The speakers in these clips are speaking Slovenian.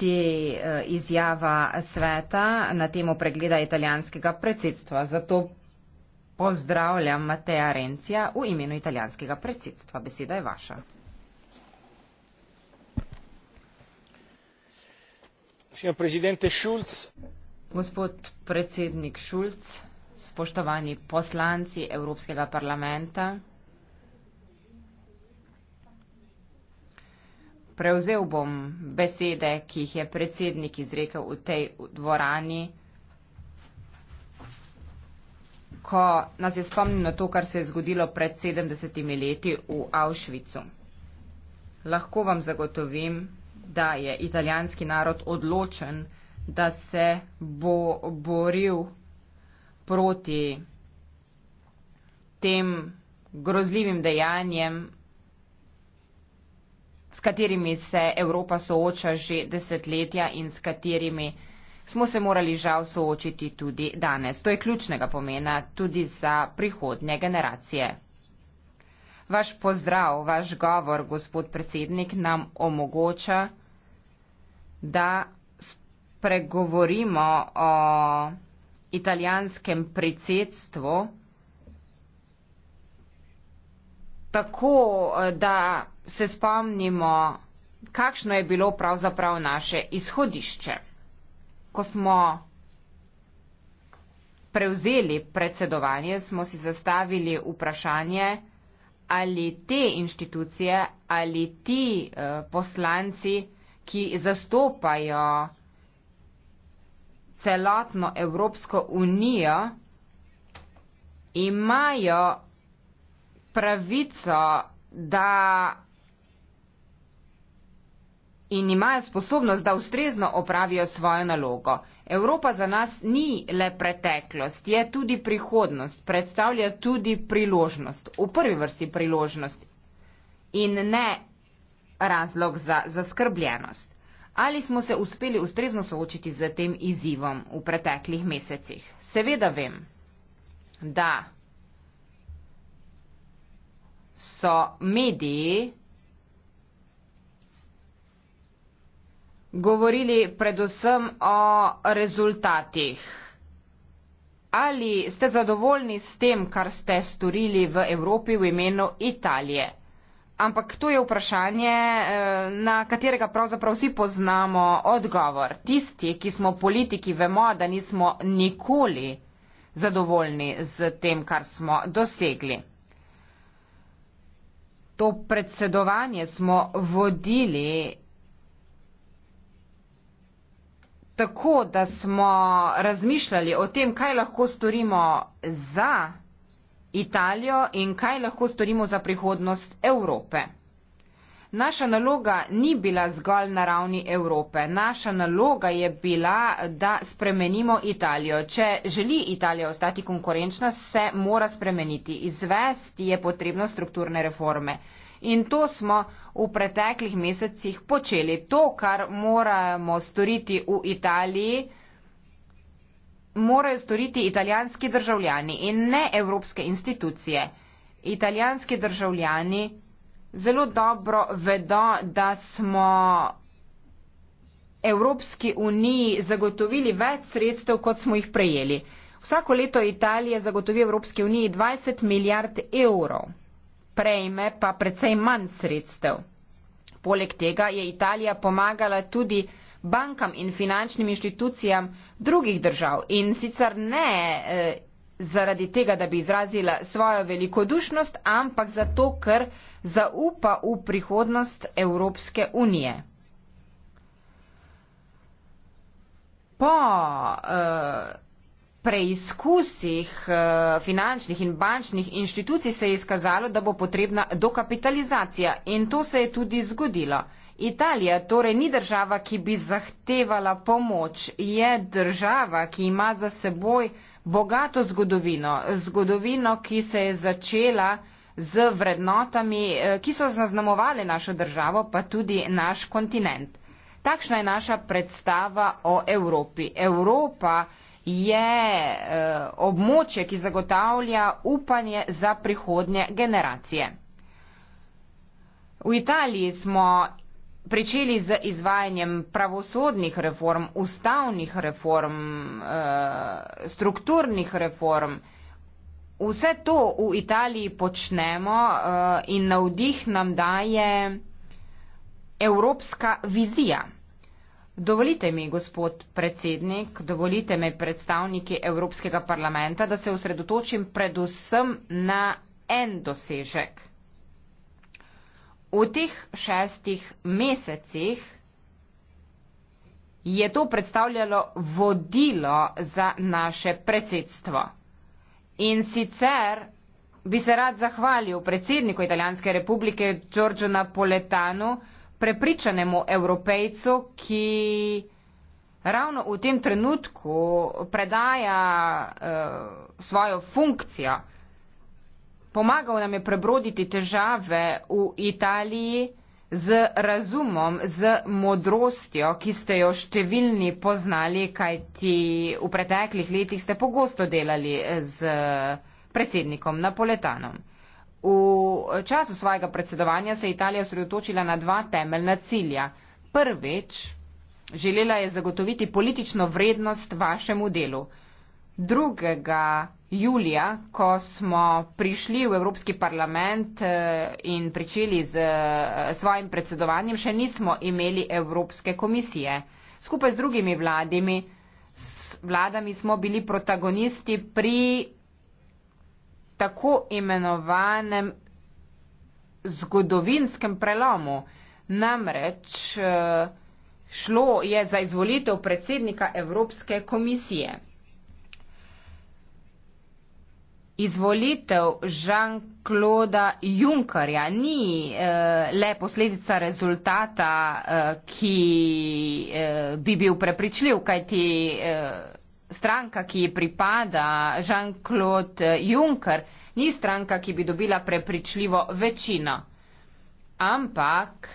tisti eh, izjava sveta na temo pregleda italijanskega predsedstva. Zato pozdravljam Mateja Rencija v imenu italijanskega predsedstva. Beseda je vaša. Gospod predsednik Šulc, spoštovani poslanci Evropskega parlamenta, prevzel bom besede, ki jih je predsednik izrekel v tej dvorani, ko nas je spomnil na to, kar se je zgodilo pred 70 leti v Avšvicu. Lahko vam zagotovim, da je italijanski narod odločen, da se bo boril proti tem grozljivim dejanjem s katerimi se Evropa sooča že desetletja in s katerimi smo se morali žal soočiti tudi danes. To je ključnega pomena tudi za prihodnje generacije. Vaš pozdrav, vaš govor, gospod predsednik, nam omogoča, da spregovorimo o italijanskem predsedstvu, tako, eh, da se spomnimo, kakšno je bilo pravzaprav naše izhodišče, ko smo prevzeli predsedovanje, smo si zastavili vprašanje, ali te inštitucije, ali ti eh, poslanci, ki zastopajo celotno Evropsko unijo, imajo pravico, da in imajo sposobnost, da ustrezno opravijo svojo nalogo. Evropa za nas ni le preteklost, je tudi prihodnost, predstavlja tudi priložnost, v prvi vrsti priložnost in ne razlog za zaskrbljenost. Ali smo se uspeli ustrezno soočiti z tem izzivom v preteklih mesecih? Seveda vem, da so mediji govorili predvsem o rezultatih. Ali ste zadovoljni s tem, kar ste storili v Evropi v imenu Italije? Ampak to je vprašanje, eh, na katerega pravzaprav vsi poznamo odgovor. Tisti, ki smo politiki, vemo, da nismo nikoli zadovoljni z tem, kar smo dosegli to predsedovanje smo vodili tako, da smo razmišljali o tem, kaj lahko storimo za Italijo in kaj lahko storimo za prihodnost Evrope. Naša naloga ni bila zgolj na ravni Evrope. Naša naloga je bila, da spremenimo Italijo. Če želi Italija ostati konkurenčna, se mora spremeniti. Izvesti je potrebno strukturne reforme. In to smo v preteklih mesecih počeli. To, kar moramo storiti v Italiji, morajo storiti italijanski državljani in ne evropske institucije. Italijanski državljani zelo dobro vedo, da smo Evropski uniji zagotovili več sredstev, kot smo jih prejeli. Vsako leto Italija zagotovi Evropski uniji 20 milijard evrov, prejme pa precej manj sredstev. Poleg tega je Italija pomagala tudi bankam in finančnim inštitucijam drugih držav in sicer ne eh, zaradi tega, da bi izrazila svojo velikodušnost, ampak zato, ker zaupa v prihodnost Evropske unije. Po uh, preizkusih uh, finančnih in bančnih inštitucij se je izkazalo, da bo potrebna dokapitalizacija in to se je tudi zgodilo. Italija torej ni država, ki bi zahtevala pomoč, je država, ki ima za seboj uh, bogato zgodovino, zgodovino, ki se je začela z vrednotami, eh, ki so zaznamovali našo državo, pa tudi naš kontinent. Takšna je naša predstava o Evropi. Evropa je eh, območje, ki zagotavlja upanje za prihodnje generacije. V Italiji smo pričeli z izvajanjem pravosodnih reform, ustavnih reform, eh, strukturnih reform. Vse to v Italiji počnemo eh, in navdih nam daje evropska vizija. Dovolite mi, gospod predsednik, dovolite mi predstavniki Evropskega parlamenta, da se osredotočim predvsem na en dosežek v teh šestih mesecih je to predstavljalo vodilo za naše predsedstvo. In sicer bi se rad zahvalil predsedniku Italijanske republike Giorgio Napoletanu, prepričanemu evropejcu, ki ravno v tem trenutku predaja uh, svojo funkcijo uh, pomagal nam je prebroditi težave v Italiji z razumom, z modrostjo, ki ste jo številni poznali, kaj ti v preteklih letih ste pogosto delali z predsednikom Napoletanom. V času svojega predsedovanja se je Italija osredotočila na dva temeljna cilja. Prvič, želela je zagotoviti politično vrednost vašemu delu. Drugega, julija, ko smo prišli v Evropski parlament eh, in pričeli z eh, svojim predsedovanjem, še nismo imeli Evropske komisije. Skupaj z drugimi vladami, s vladami smo bili protagonisti pri tako imenovanem zgodovinskem prelomu. Namreč eh, šlo je za izvolitev predsednika Evropske komisije. izvolitev Žan-Kloda Junkarja ni eh, le posledica rezultata, eh, ki eh, bi bil prepričljiv, kajti stranka, ki ji pripada Žan-Klod Junkar, ni stranka, ki bi dobila prepričljivo večino. Ampak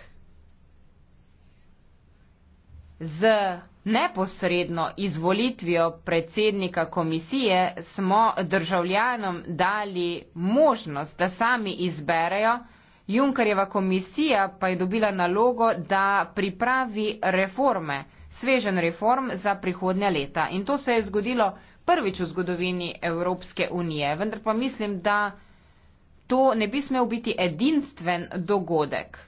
z Neposredno izvolitvijo predsednika komisije smo državljanom dali možnost, da sami izberejo, Junkarjeva komisija pa je dobila nalogo, da pripravi reforme, svežen reform za prihodnja leta. In to se je zgodilo prvič v zgodovini Evropske unije, vendar pa mislim, da to ne bi smel biti edinstven dogodek.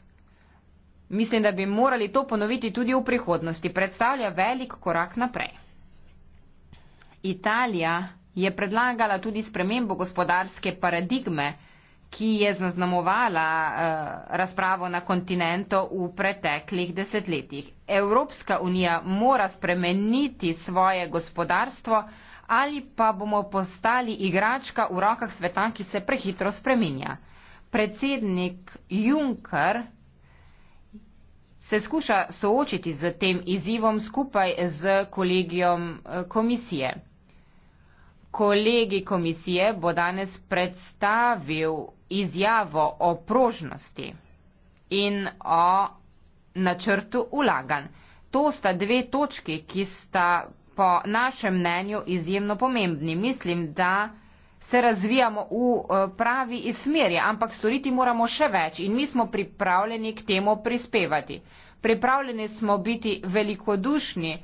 Mislim, da bi morali to ponoviti tudi v prihodnosti. Predstavlja velik korak naprej. Italija je predlagala tudi spremembo gospodarske paradigme, ki je zaznamovala eh, razpravo na kontinento v preteklih desetletjih. Evropska unija mora spremeniti svoje gospodarstvo ali pa bomo postali igračka v rokah sveta, ki se prehitro spreminja. Predsednik Juncker se skuša soočiti z tem izzivom skupaj z kolegijom eh, komisije. Kolegi komisije bo danes predstavil izjavo o prožnosti in o načrtu ulagan. To sta dve točki, ki sta po našem mnenju izjemno pomembni. Mislim, da se razvijamo v eh, pravi smeri, ampak storiti moramo še več in mi smo pripravljeni k temu prispevati pripravljeni smo biti velikodušni,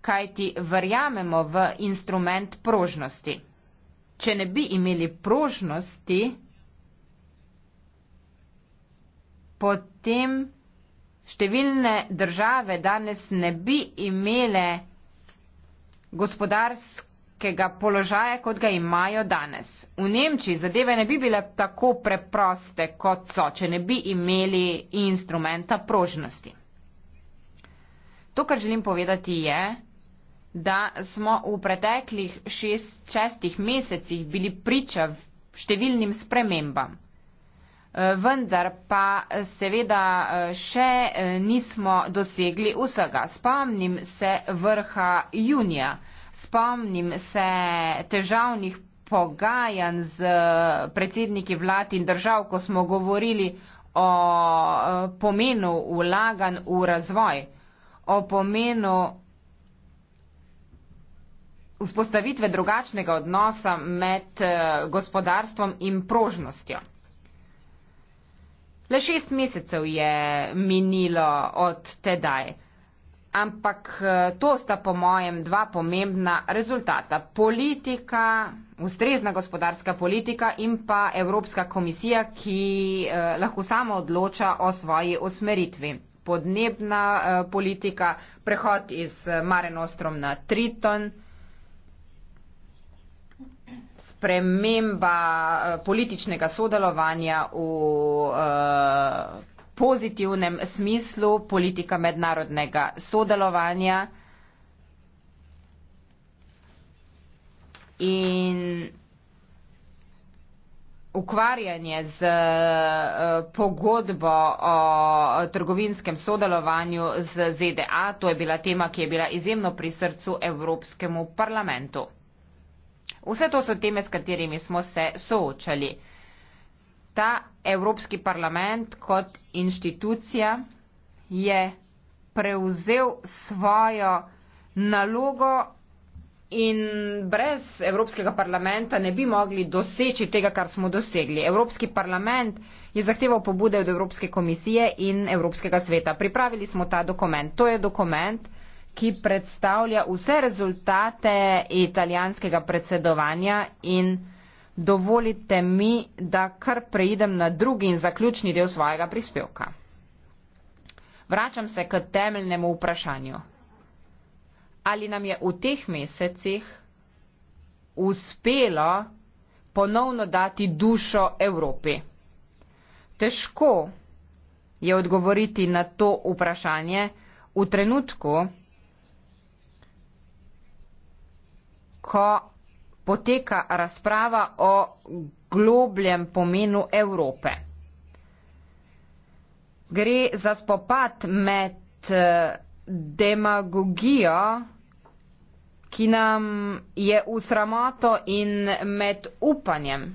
kajti verjamemo v instrument prožnosti. Če ne bi imeli prožnosti, potem številne države danes ne bi imele gospodarskega položaja, kot ga imajo danes. V Nemčiji zadeve ne bi bile tako preproste, kot so, če ne bi imeli instrumenta prožnosti. To, kar želim povedati, je, da smo v preteklih šest, šestih mesecih bili priča številnim spremembam. E, vendar pa e, seveda e, še nismo dosegli vsega. Spomnim se vrha junija, spomnim se težavnih pogajanj z predsedniki vlad in držav, ko smo govorili o pomenu vlagan v razvoj o pomenu vzpostavitve drugačnega odnosa med eh, gospodarstvom in prožnostjo. Le šest mesecev je minilo od tedaj, ampak eh, to sta po mojem dva pomembna rezultata. Politika, ustrezna gospodarska politika in pa Evropska komisija, ki eh, lahko samo odloča o svoji osmeritvi podnebna eh, politika, prehod iz eh, Marenostrom na Triton, sprememba eh, političnega sodelovanja v pozitivnem smislu, politika mednarodnega sodelovanja in ukvarjanje z eh, pogodbo o trgovinskem sodelovanju z ZDA. To je bila tema, ki je bila izjemno pri srcu Evropskemu parlamentu. Vse to so teme, s katerimi smo se soočali. Ta Evropski parlament kot inštitucija je prevzel svojo nalogo In brez Evropskega parlamenta ne bi mogli doseči tega, kar smo dosegli. Evropski parlament je zahteval pobude od Evropske komisije in Evropskega sveta. Pripravili smo ta dokument. To je dokument, ki predstavlja vse rezultate italijanskega predsedovanja in dovolite mi, da kar preidem na drugi in zaključni del svojega prispevka. Vračam se k temeljnemu vprašanju ali nam je v teh mesecih uspelo ponovno dati dušo Evropi. Težko je odgovoriti na to vprašanje v trenutku, ko poteka razprava o globljem pomenu Evrope. Gre za spopad med eh, demagogijo ki nam je v sramoto in med upanjem.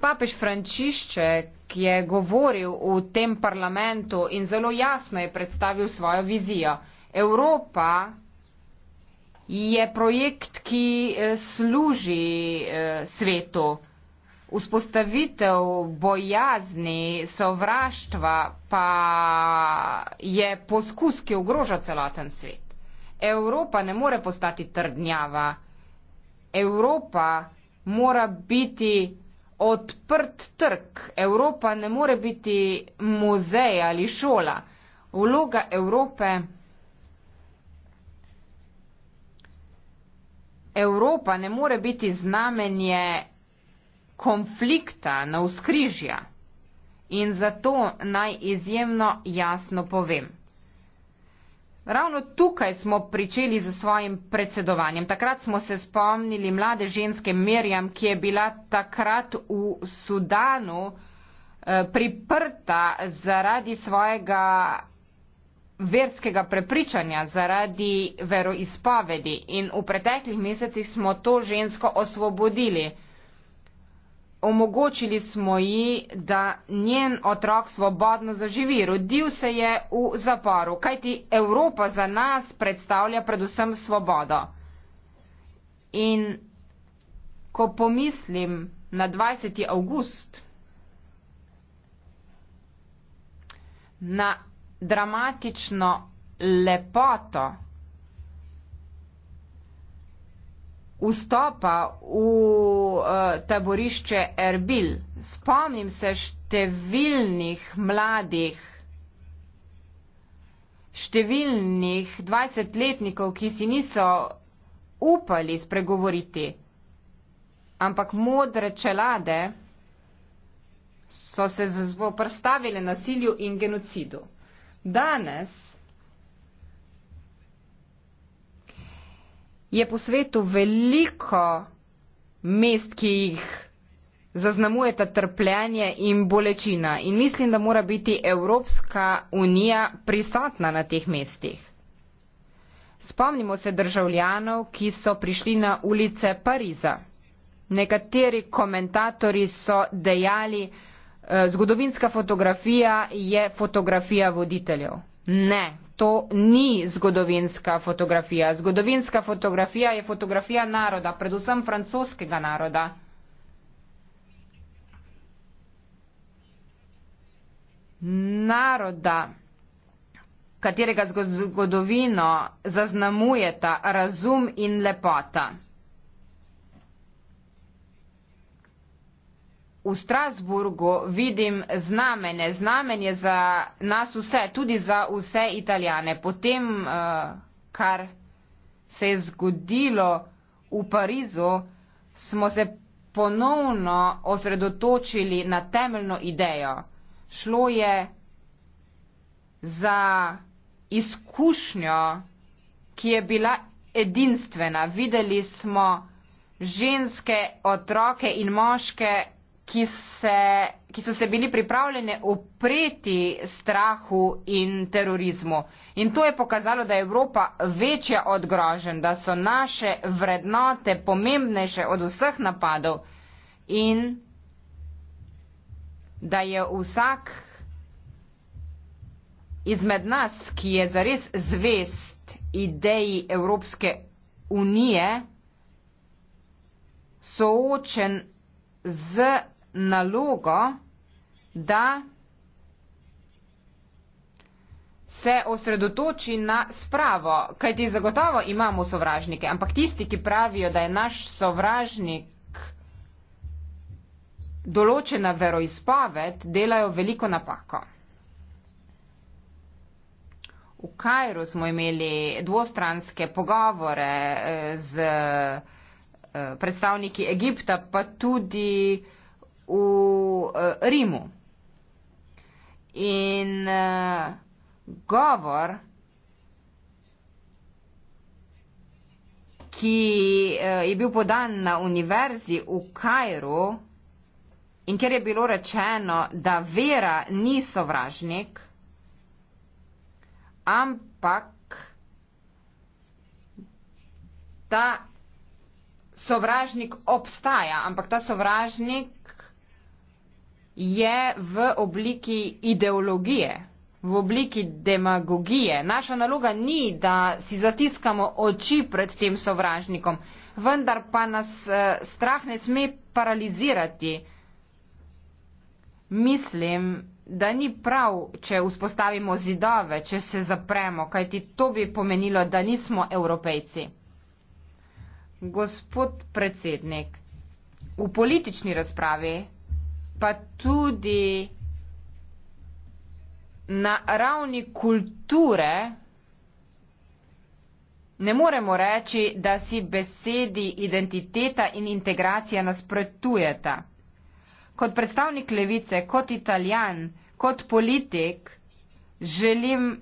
Papež Frančišček je govoril v tem parlamentu in zelo jasno je predstavil svojo vizijo. Evropa je projekt, ki eh, služi eh, svetu vzpostavitev bojazni, sovraštva pa je poskus, ki ogroža celoten svet. Evropa ne more postati trdnjava. Evropa mora biti odprt trg. Evropa ne more biti muzej ali šola. Vloga Evrope. Evropa ne more biti znamenje konflikta na vzkrižja. In zato naj izjemno jasno povem. Ravno tukaj smo pričeli z svojim predsedovanjem. Takrat smo se spomnili mlade ženske Mirjam, ki je bila takrat v Sudanu eh, priprta zaradi svojega verskega prepričanja, zaradi veroizpovedi. In v preteklih mesecih smo to žensko osvobodili omogočili smo ji, da njen otrok svobodno zaživi. Rodil se je v zaporu, kajti Evropa za nas predstavlja predvsem svobodo. In ko pomislim na 20. avgust, na dramatično lepoto, vstopa v uh, taborišče Erbil. Spomnim se številnih mladih, številnih 20-letnikov, ki si niso upali spregovoriti, ampak modre čelade so se zvoprstavile nasilju in genocidu. Danes je po svetu veliko mest, ki jih zaznamujeta trpljenje in bolečina. In mislim, da mora biti Evropska unija prisotna na teh mestih. Spomnimo se državljanov, ki so prišli na ulice Pariza. Nekateri komentatori so dejali, eh, zgodovinska fotografija je fotografija voditeljev. Ne, to ni zgodovinska fotografija. Zgodovinska fotografija je fotografija naroda, predvsem francoskega naroda. Naroda, katerega zgodovino zaznamujeta razum in lepota. v Strasburgu vidim znamenje, znamenje za nas vse, tudi za vse italijane. Potem, eh, kar se je zgodilo v Parizu, smo se ponovno osredotočili na temeljno idejo. Šlo je za izkušnjo, ki je bila edinstvena. Videli smo ženske, otroke in moške, ki, se, ki so se bili pripravljene opreti strahu in terorizmu. In to je pokazalo, da je Evropa večja od grožen, da so naše vrednote pomembnejše od vseh napadov in da je vsak izmed nas, ki je zares zvest ideji Evropske unije, soočen z nalogo, da se osredotoči na spravo, kajti zagotovo imamo sovražnike, ampak tisti, ki pravijo, da je naš sovražnik določena veroizpoved, delajo veliko napako. V Kajru smo imeli dvostranske pogovore eh, z eh, predstavniki Egipta, pa tudi uh, v uh, Rimu. In uh, govor, ki uh, je bil podan na univerzi v Kajru in ker je bilo rečeno, da vera ni sovražnik, ampak ta sovražnik obstaja, ampak ta sovražnik je v obliki ideologije, v obliki demagogije. Naša naloga ni, da si zatiskamo oči pred tem sovražnikom, vendar pa nas eh, strah ne sme paralizirati. Mislim, da ni prav, če vzpostavimo zidove, če se zapremo, kajti to bi pomenilo, da nismo evropejci. Gospod predsednik, v politični razpravi pa tudi na ravni kulture ne moremo reči, da si besedi identiteta in integracija nasprotujeta. Kot predstavnik levice, kot italijan, kot politik želim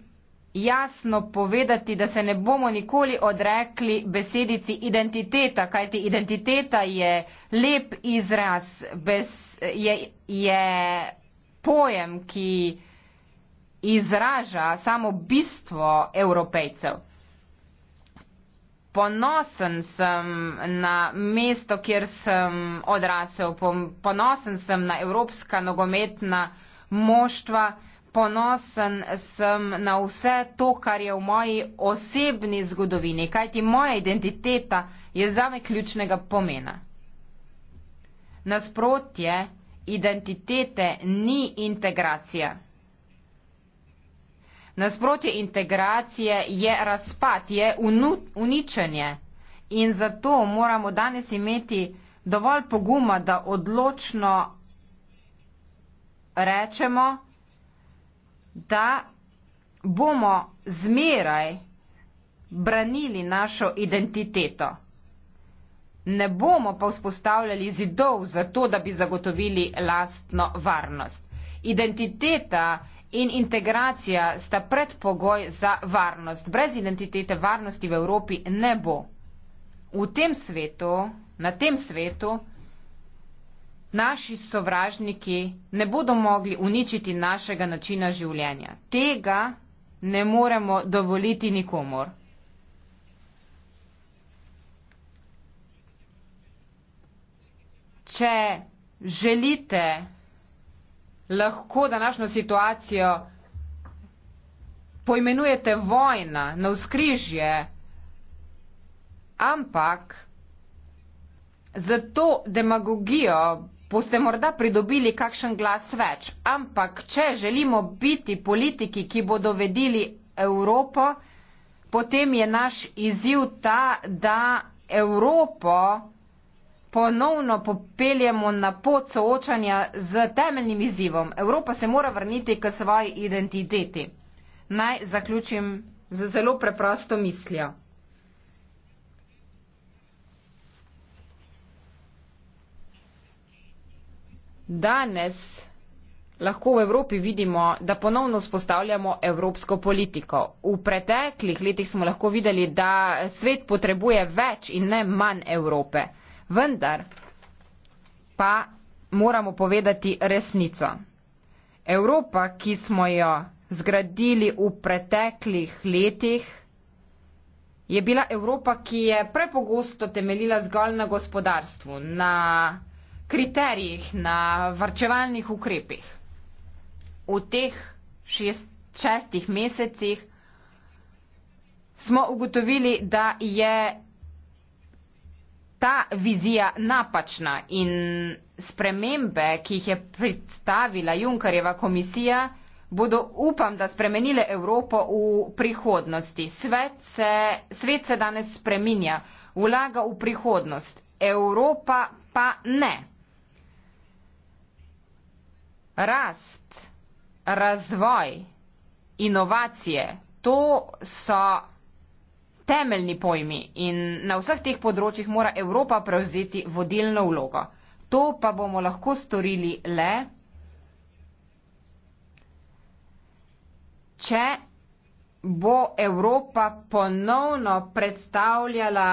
jasno povedati, da se ne bomo nikoli odrekli besedici identiteta, kajti identiteta je lep izraz, bes, je, je pojem, ki izraža samo bistvo evropejcev. Ponosen sem na mesto, kjer sem odrasel, ponosen sem na evropska nogometna moštva ponosen sem na vse to, kar je v moji osebni zgodovini, kajti moja identiteta je zame ključnega pomena. Nasprotje identitete ni integracija. Nasprotje integracije je razpad, je uničenje in zato moramo danes imeti dovolj poguma, da odločno rečemo, da bomo zmeraj branili našo identiteto. Ne bomo pa vzpostavljali zidov zato, da bi zagotovili lastno varnost. Identiteta in integracija sta predpogoj za varnost. Brez identitete varnosti v Evropi ne bo. V tem svetu, na tem svetu, naši sovražniki ne bodo mogli uničiti našega načina življenja. Tega ne moremo dovoliti nikomor. Če želite lahko današnjo situacijo poimenujete vojna na vzkrižje, ampak za to demagogijo boste morda pridobili kakšen glas več. Ampak, če želimo biti politiki, ki bodo vedeli Evropo, potem je naš izziv ta, da Evropo ponovno popeljemo na pot soočanja z temeljnim izzivom. Evropa se mora vrniti k svoji identiteti. Naj zaključim z zelo preprosto mislijo. Danes lahko v Evropi vidimo, da ponovno spostavljamo evropsko politiko. V preteklih letih smo lahko videli, da svet potrebuje več in ne manj Evrope. Vendar pa moramo povedati resnico. Evropa, ki smo jo zgradili v preteklih letih, je bila Evropa, ki je prepogosto temeljila zgolj na gospodarstvu, na kriterijih, na varčevalnih ukrepih. V teh šest, šestih mesecih smo ugotovili, da je ta vizija napačna in spremembe, ki jih je predstavila Junkarjeva komisija, bodo upam, da spremenile Evropo v prihodnosti. Svet se, svet se danes spreminja, vlaga v prihodnost, Evropa pa ne. Rast, razvoj, inovacije, to so temeljni pojmi in na vseh teh področjih mora Evropa prevzeti vodilno vlogo. To pa bomo lahko storili le, če bo Evropa ponovno predstavljala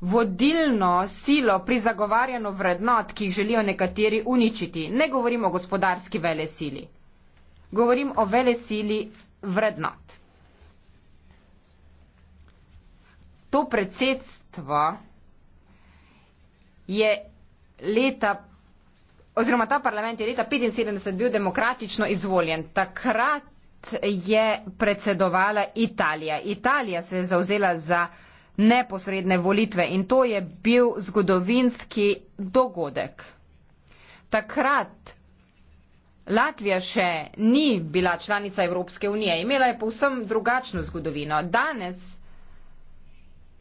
vodilno silo pri zagovarjanju vrednot, ki jih želijo nekateri uničiti. Ne govorim o gospodarski vele sili. Govorim o vele sili vrednot. To predsedstvo je leta, oziroma ta parlament je leta 1975 bil demokratično izvoljen. Takrat je predsedovala Italija. Italija se je zauzela za neposredne volitve in to je bil zgodovinski dogodek. Takrat Latvija še ni bila članica Evropske unije, imela je povsem drugačno zgodovino. Danes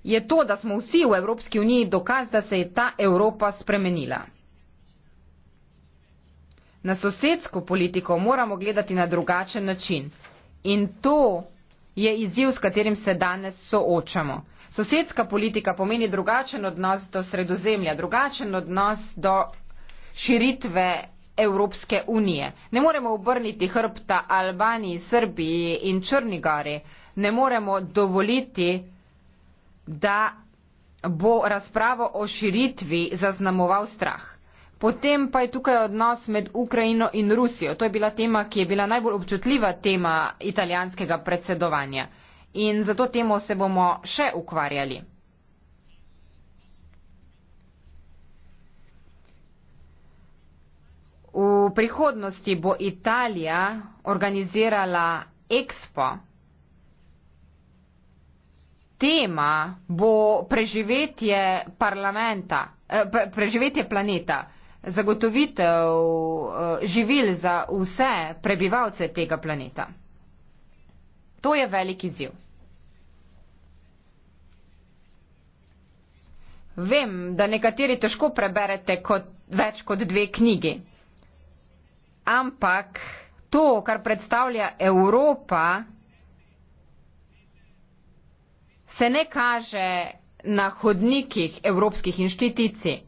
je to, da smo vsi v Evropski uniji dokaz, da se je ta Evropa spremenila. Na sosedsko politiko moramo gledati na drugačen način in to je izziv, s katerim se danes soočamo. Sosedska politika pomeni drugačen odnos do sredozemlja, drugačen odnos do širitve Evropske unije. Ne moremo obrniti hrbta Albaniji, Srbiji in Črnigari. Ne moremo dovoliti, da bo razpravo o širitvi zaznamoval strah. Potem pa je tukaj odnos med Ukrajino in Rusijo. To je bila tema, ki je bila najbolj občutljiva tema italijanskega predsedovanja in zato temu se bomo še ukvarjali. V prihodnosti bo Italija organizirala Expo. Tema bo preživetje parlamenta, eh, preživetje planeta, zagotovitev eh, živil za vse prebivalce tega planeta. To je veliki ziv. Vem, da nekateri težko preberete kot, več kot dve knjigi, ampak to, kar predstavlja Evropa, se ne kaže na hodnikih evropskih inštitucij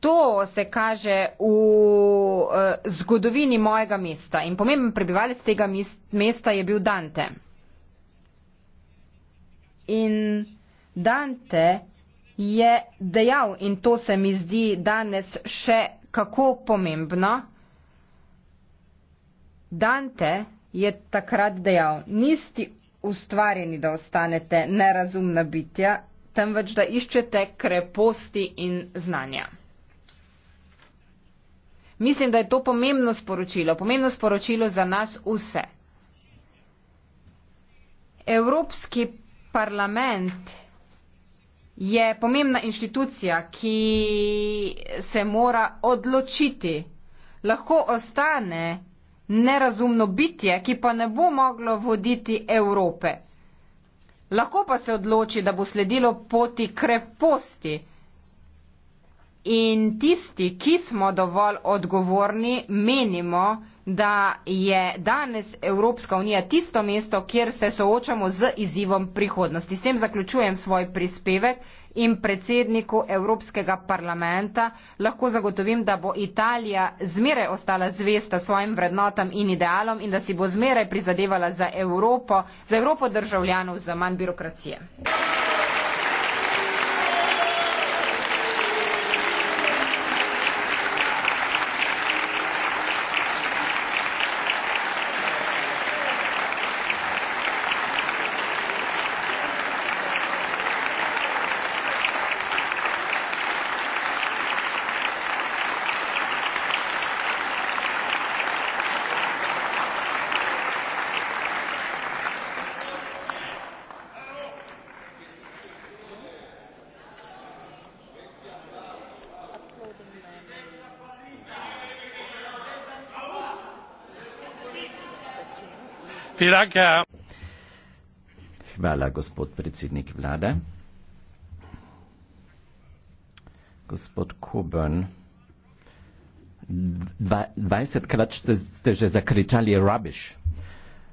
to se kaže v eh, zgodovini mojega mesta in pomemben prebivalec tega mesta je bil Dante. In Dante je dejal, in to se mi zdi danes še kako pomembno, Dante je takrat dejal, nisti ustvarjeni, da ostanete nerazumna bitja, temveč da iščete kreposti in znanja. Mislim, da je to pomembno sporočilo, pomembno sporočilo za nas vse. Evropski parlament je pomembna inštitucija, ki se mora odločiti. Lahko ostane nerazumno bitje, ki pa ne bo moglo voditi Evrope. Lahko pa se odloči, da bo sledilo poti kreposti. In tisti, ki smo dovolj odgovorni, menimo, da je danes Evropska unija tisto mesto, kjer se soočamo z izzivom prihodnosti. S tem zaključujem svoj prispevek in predsedniku Evropskega parlamenta lahko zagotovim, da bo Italija zmeraj ostala zvesta svojim vrednotam in idealom in da si bo zmeraj prizadevala za Evropo, za Evropo državljanov z manj birokracije. Hvala. Piraka. Hvala, gospod predsednik vlade. Gospod Kuben, 20 krat ste, ste že zakričali rubbish.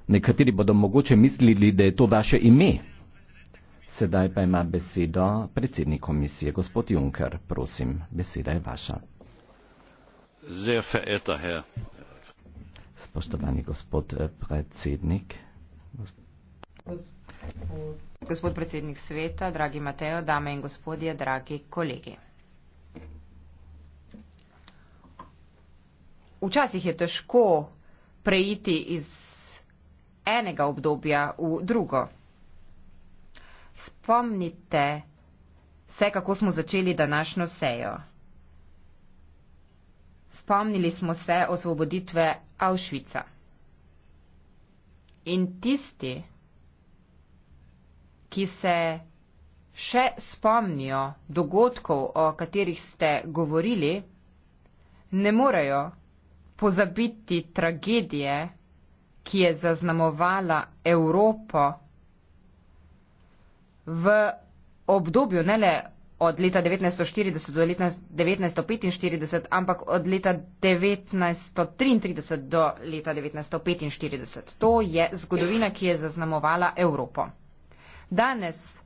Nekateri bodo mogoče mislili, da je to vaše ime. Sedaj pa ima besedo predsednik komisije, gospod Juncker. Prosim, beseda je vaša. Zelo verjetna je. Spoštovani gospod eh, predsednik. Gospod predsednik sveta, dragi Mateo, dame in gospodje, dragi kolegi. Včasih je težko preiti iz enega obdobja v drugo. Spomnite se, kako smo začeli današnjo sejo spomnili smo se osvoboditve Avšvica. In tisti, ki se še spomnijo dogodkov, o katerih ste govorili, ne morejo pozabiti tragedije, ki je zaznamovala Evropo v obdobju ne le od leta 1940 do 1945, ampak od leta 1933 do leta 1945. To je zgodovina, ki je zaznamovala Evropo. Danes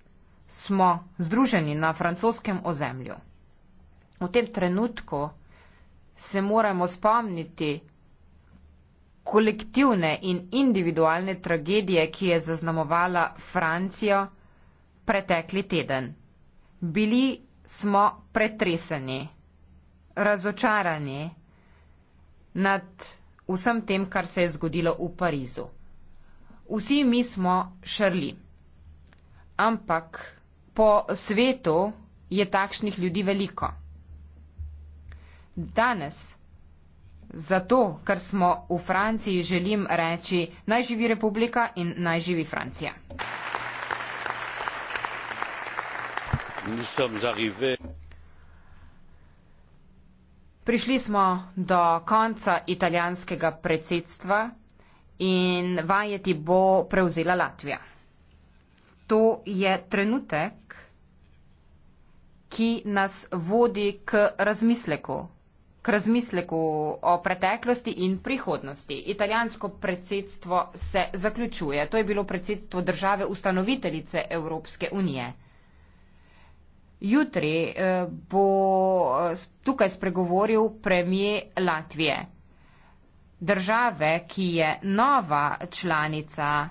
smo združeni na francoskem ozemlju. V tem trenutku se moramo spomniti kolektivne in individualne tragedije, ki je zaznamovala Francijo pretekli teden. Bili smo pretreseni, razočarani nad vsem tem, kar se je zgodilo v Parizu. Vsi mi smo šrli. Ampak po svetu je takšnih ljudi veliko. Danes, zato, kar smo v Franciji, želim reči, naj živi republika in naj živi Francija. nous sommes arrivés Prišli smo do konca italijanskega predsedstva in vajeti bo prevzela Latvija. To je trenutek, ki nas vodi k razmisleku, k razmisleku o preteklosti in prihodnosti. Italijansko predsedstvo se zaključuje. To je bilo predsedstvo države ustanoviteljice Evropske unije. Jutri eh, bo eh, tukaj spregovoril premije Latvije, države, ki je nova članica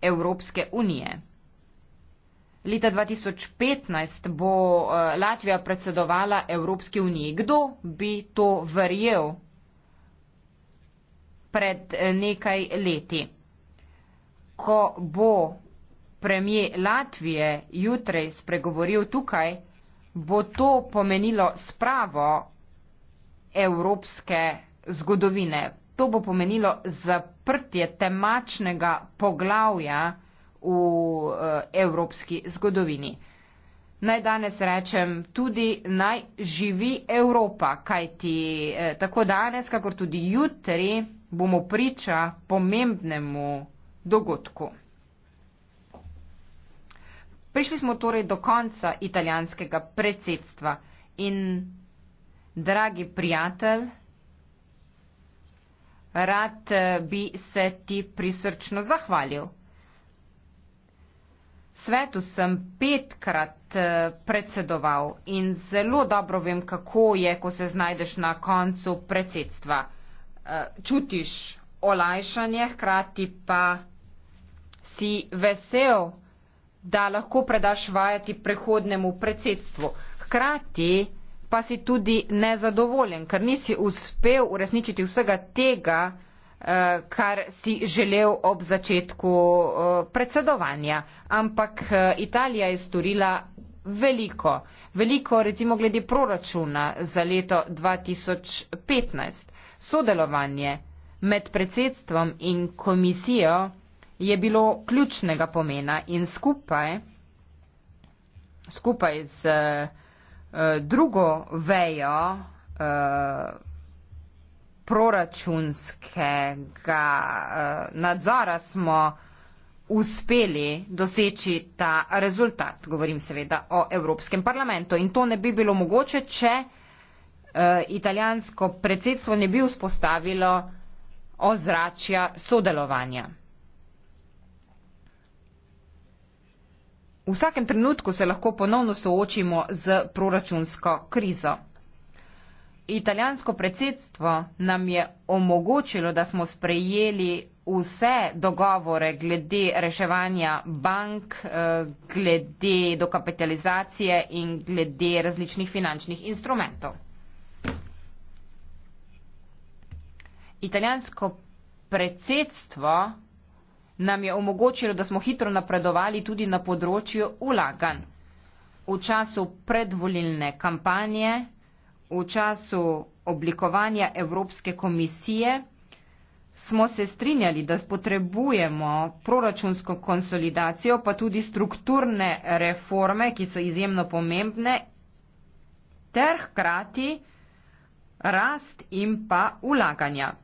Evropske unije. Leta 2015 bo eh, Latvija predsedovala Evropski uniji. Kdo bi to verjel pred nekaj leti, ko bo premije Latvije jutraj spregovoril tukaj, bo to pomenilo spravo evropske zgodovine. To bo pomenilo zaprtje temačnega poglavja v eh, evropski zgodovini. Naj danes rečem tudi naj živi Evropa, kajti eh, tako danes, kakor tudi jutri bomo priča pomembnemu dogodku. Prišli smo torej do konca italijanskega predsedstva in, dragi prijatelj, rad eh, bi se ti prisrčno zahvalil. Svetu sem petkrat eh, predsedoval in zelo dobro vem, kako je, ko se znajdeš na koncu predsedstva. Eh, čutiš olajšanje, hkrati pa si vesel, da lahko predaš vajeti prehodnemu predsedstvu. Hkrati pa si tudi nezadovoljen, ker nisi uspel uresničiti vsega tega, eh, kar si želel ob začetku eh, predsedovanja. Ampak eh, Italija je storila veliko. Veliko recimo glede proračuna za leto 2015. Sodelovanje med predsedstvom in komisijo je bilo ključnega pomena in skupaj, skupaj z uh, drugo vejo uh, proračunskega uh, nadzora smo uspeli doseči ta rezultat. Govorim seveda o Evropskem parlamentu in to ne bi bilo mogoče, če uh, italijansko predsedstvo ne bi vzpostavilo ozračja sodelovanja. V vsakem trenutku se lahko ponovno soočimo z proračunsko krizo. Italijansko predsedstvo nam je omogočilo, da smo sprejeli vse dogovore glede reševanja bank, eh, glede dokapitalizacije in glede različnih finančnih instrumentov. Italijansko predsedstvo nam je omogočilo, da smo hitro napredovali tudi na področju ulaganj. V času predvolilne kampanje, v času oblikovanja Evropske komisije smo se strinjali, da potrebujemo proračunsko konsolidacijo, pa tudi strukturne reforme, ki so izjemno pomembne, ter hkrati rast in pa ulaganja.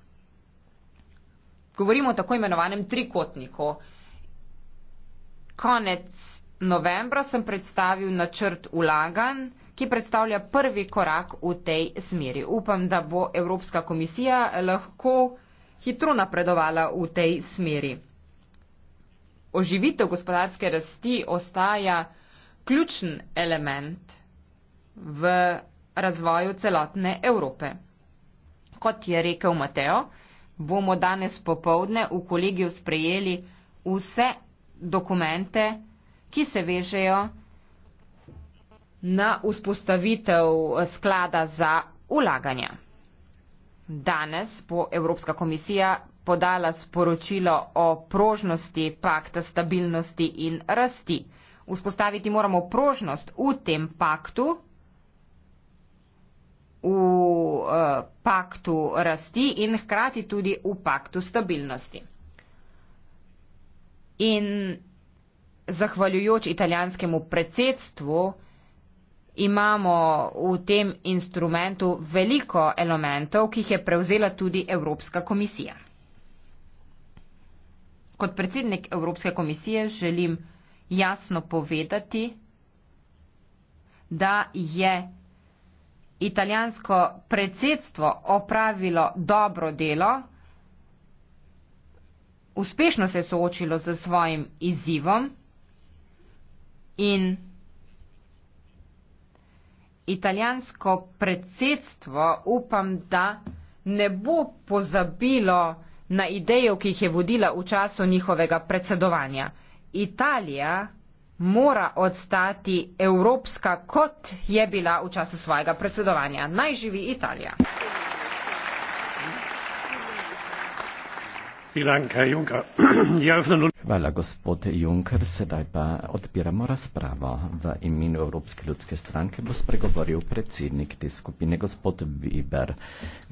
Govorimo o tako imenovanem trikotniku. Konec novembra sem predstavil načrt ulagan, ki predstavlja prvi korak v tej smeri. Upam, da bo Evropska komisija lahko hitro napredovala v tej smeri. Oživitev gospodarske rasti ostaja ključen element v razvoju celotne Evrope. Kot je rekel Mateo, bomo danes popovdne v kolegiju sprejeli vse dokumente, ki se vežejo na vzpostavitev sklada za ulaganja. Danes bo Evropska komisija podala sporočilo o prožnosti pakta stabilnosti in rasti. Vzpostaviti moramo prožnost v tem paktu, v uh, paktu rasti in hkrati tudi v paktu stabilnosti. In zahvaljujoč italijanskemu predsedstvu imamo v tem instrumentu veliko elementov, ki jih je prevzela tudi Evropska komisija. Kot predsednik Evropske komisije želim jasno povedati, da je italijansko predsedstvo opravilo dobro delo, uspešno se je soočilo z svojim izzivom in italijansko predsedstvo upam, da ne bo pozabilo na idejo, ki jih je vodila v času njihovega predsedovanja. Italija mora odstati evropska, kot je bila v času svojega predsedovanja. Naj živi Italija. Hvala, gospod Juncker. Sedaj pa odpiramo razpravo. V imenu Evropske ljudske stranke bo spregovoril predsednik te skupine, gospod Weber.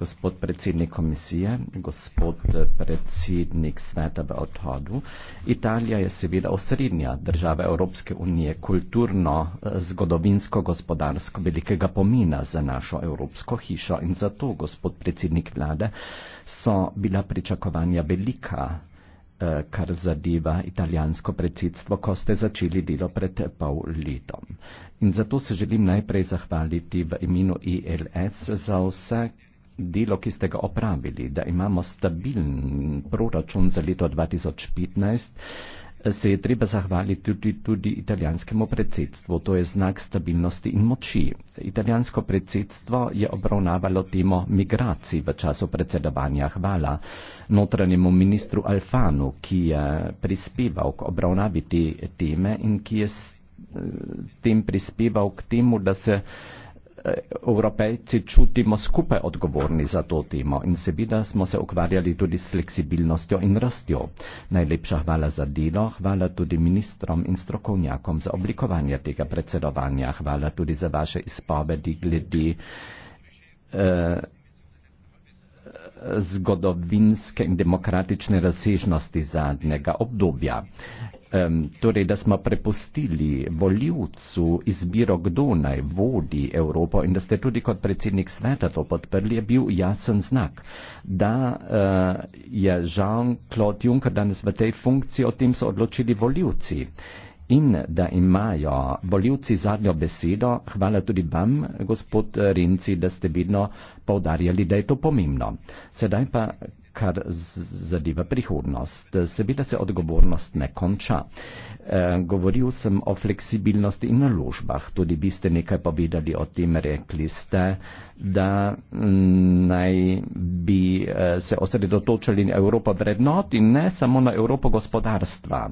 Gospod predsednik komisije, gospod predsednik sveta v odhodu. Italija je seveda osrednja država Evropske unije, kulturno, eh, zgodovinsko, gospodarsko velikega pomena za našo evropsko hišo. In zato, gospod predsednik vlade, so bila pričakovanja velika. Eh, kar zadeva italijansko predsedstvo, ko ste začeli delo pred pol letom. In zato se želim najprej zahvaliti v imenu ELS za vse delo, ki ste ga opravili, da imamo stabilen proračun za leto 2015 se je treba zahvaliti tudi, tudi italijanskemu predsedstvu. To je znak stabilnosti in moči. Italijansko predsedstvo je obravnavalo temo migracij v času predsedovanja. Hvala notranjemu ministru Alfanu, ki je prispeval k obravnavi te teme in ki je s eh, tem prispeval k temu, da se uh, Evropejci čutimo skupaj odgovorni za to temo in seveda smo se ukvarjali tudi s fleksibilnostjo in rastjo. Najlepša hvala za delo, hvala tudi ministrom in strokovnjakom za oblikovanje tega predsedovanja, hvala tudi za vaše izpovedi glede. Eh, zgodovinske in demokratične razsežnosti zadnjega obdobja. Um, torej, da smo prepustili voljivcu izbiro, kdo naj vodi Evropo in da ste tudi kot predsednik sveta to podprli, je bil jasen znak, da uh, je Jean-Claude Juncker danes v tej funkciji, o tem so odločili voljivci. Uh, in da imajo boljivci zadnjo besedo, hvala tudi vam, gospod Rinci, da ste vedno povdarjali, da je to pomembno. Sedaj pa kar zadeva prihodnost. Seveda se odgovornost ne konča. E, govoril sem o fleksibilnosti in naložbah. Tudi vi ste nekaj povedali o tem, rekli ste, da mm, naj bi e, se osredotočali na Evropo vrednot in ne samo na Evropo gospodarstva.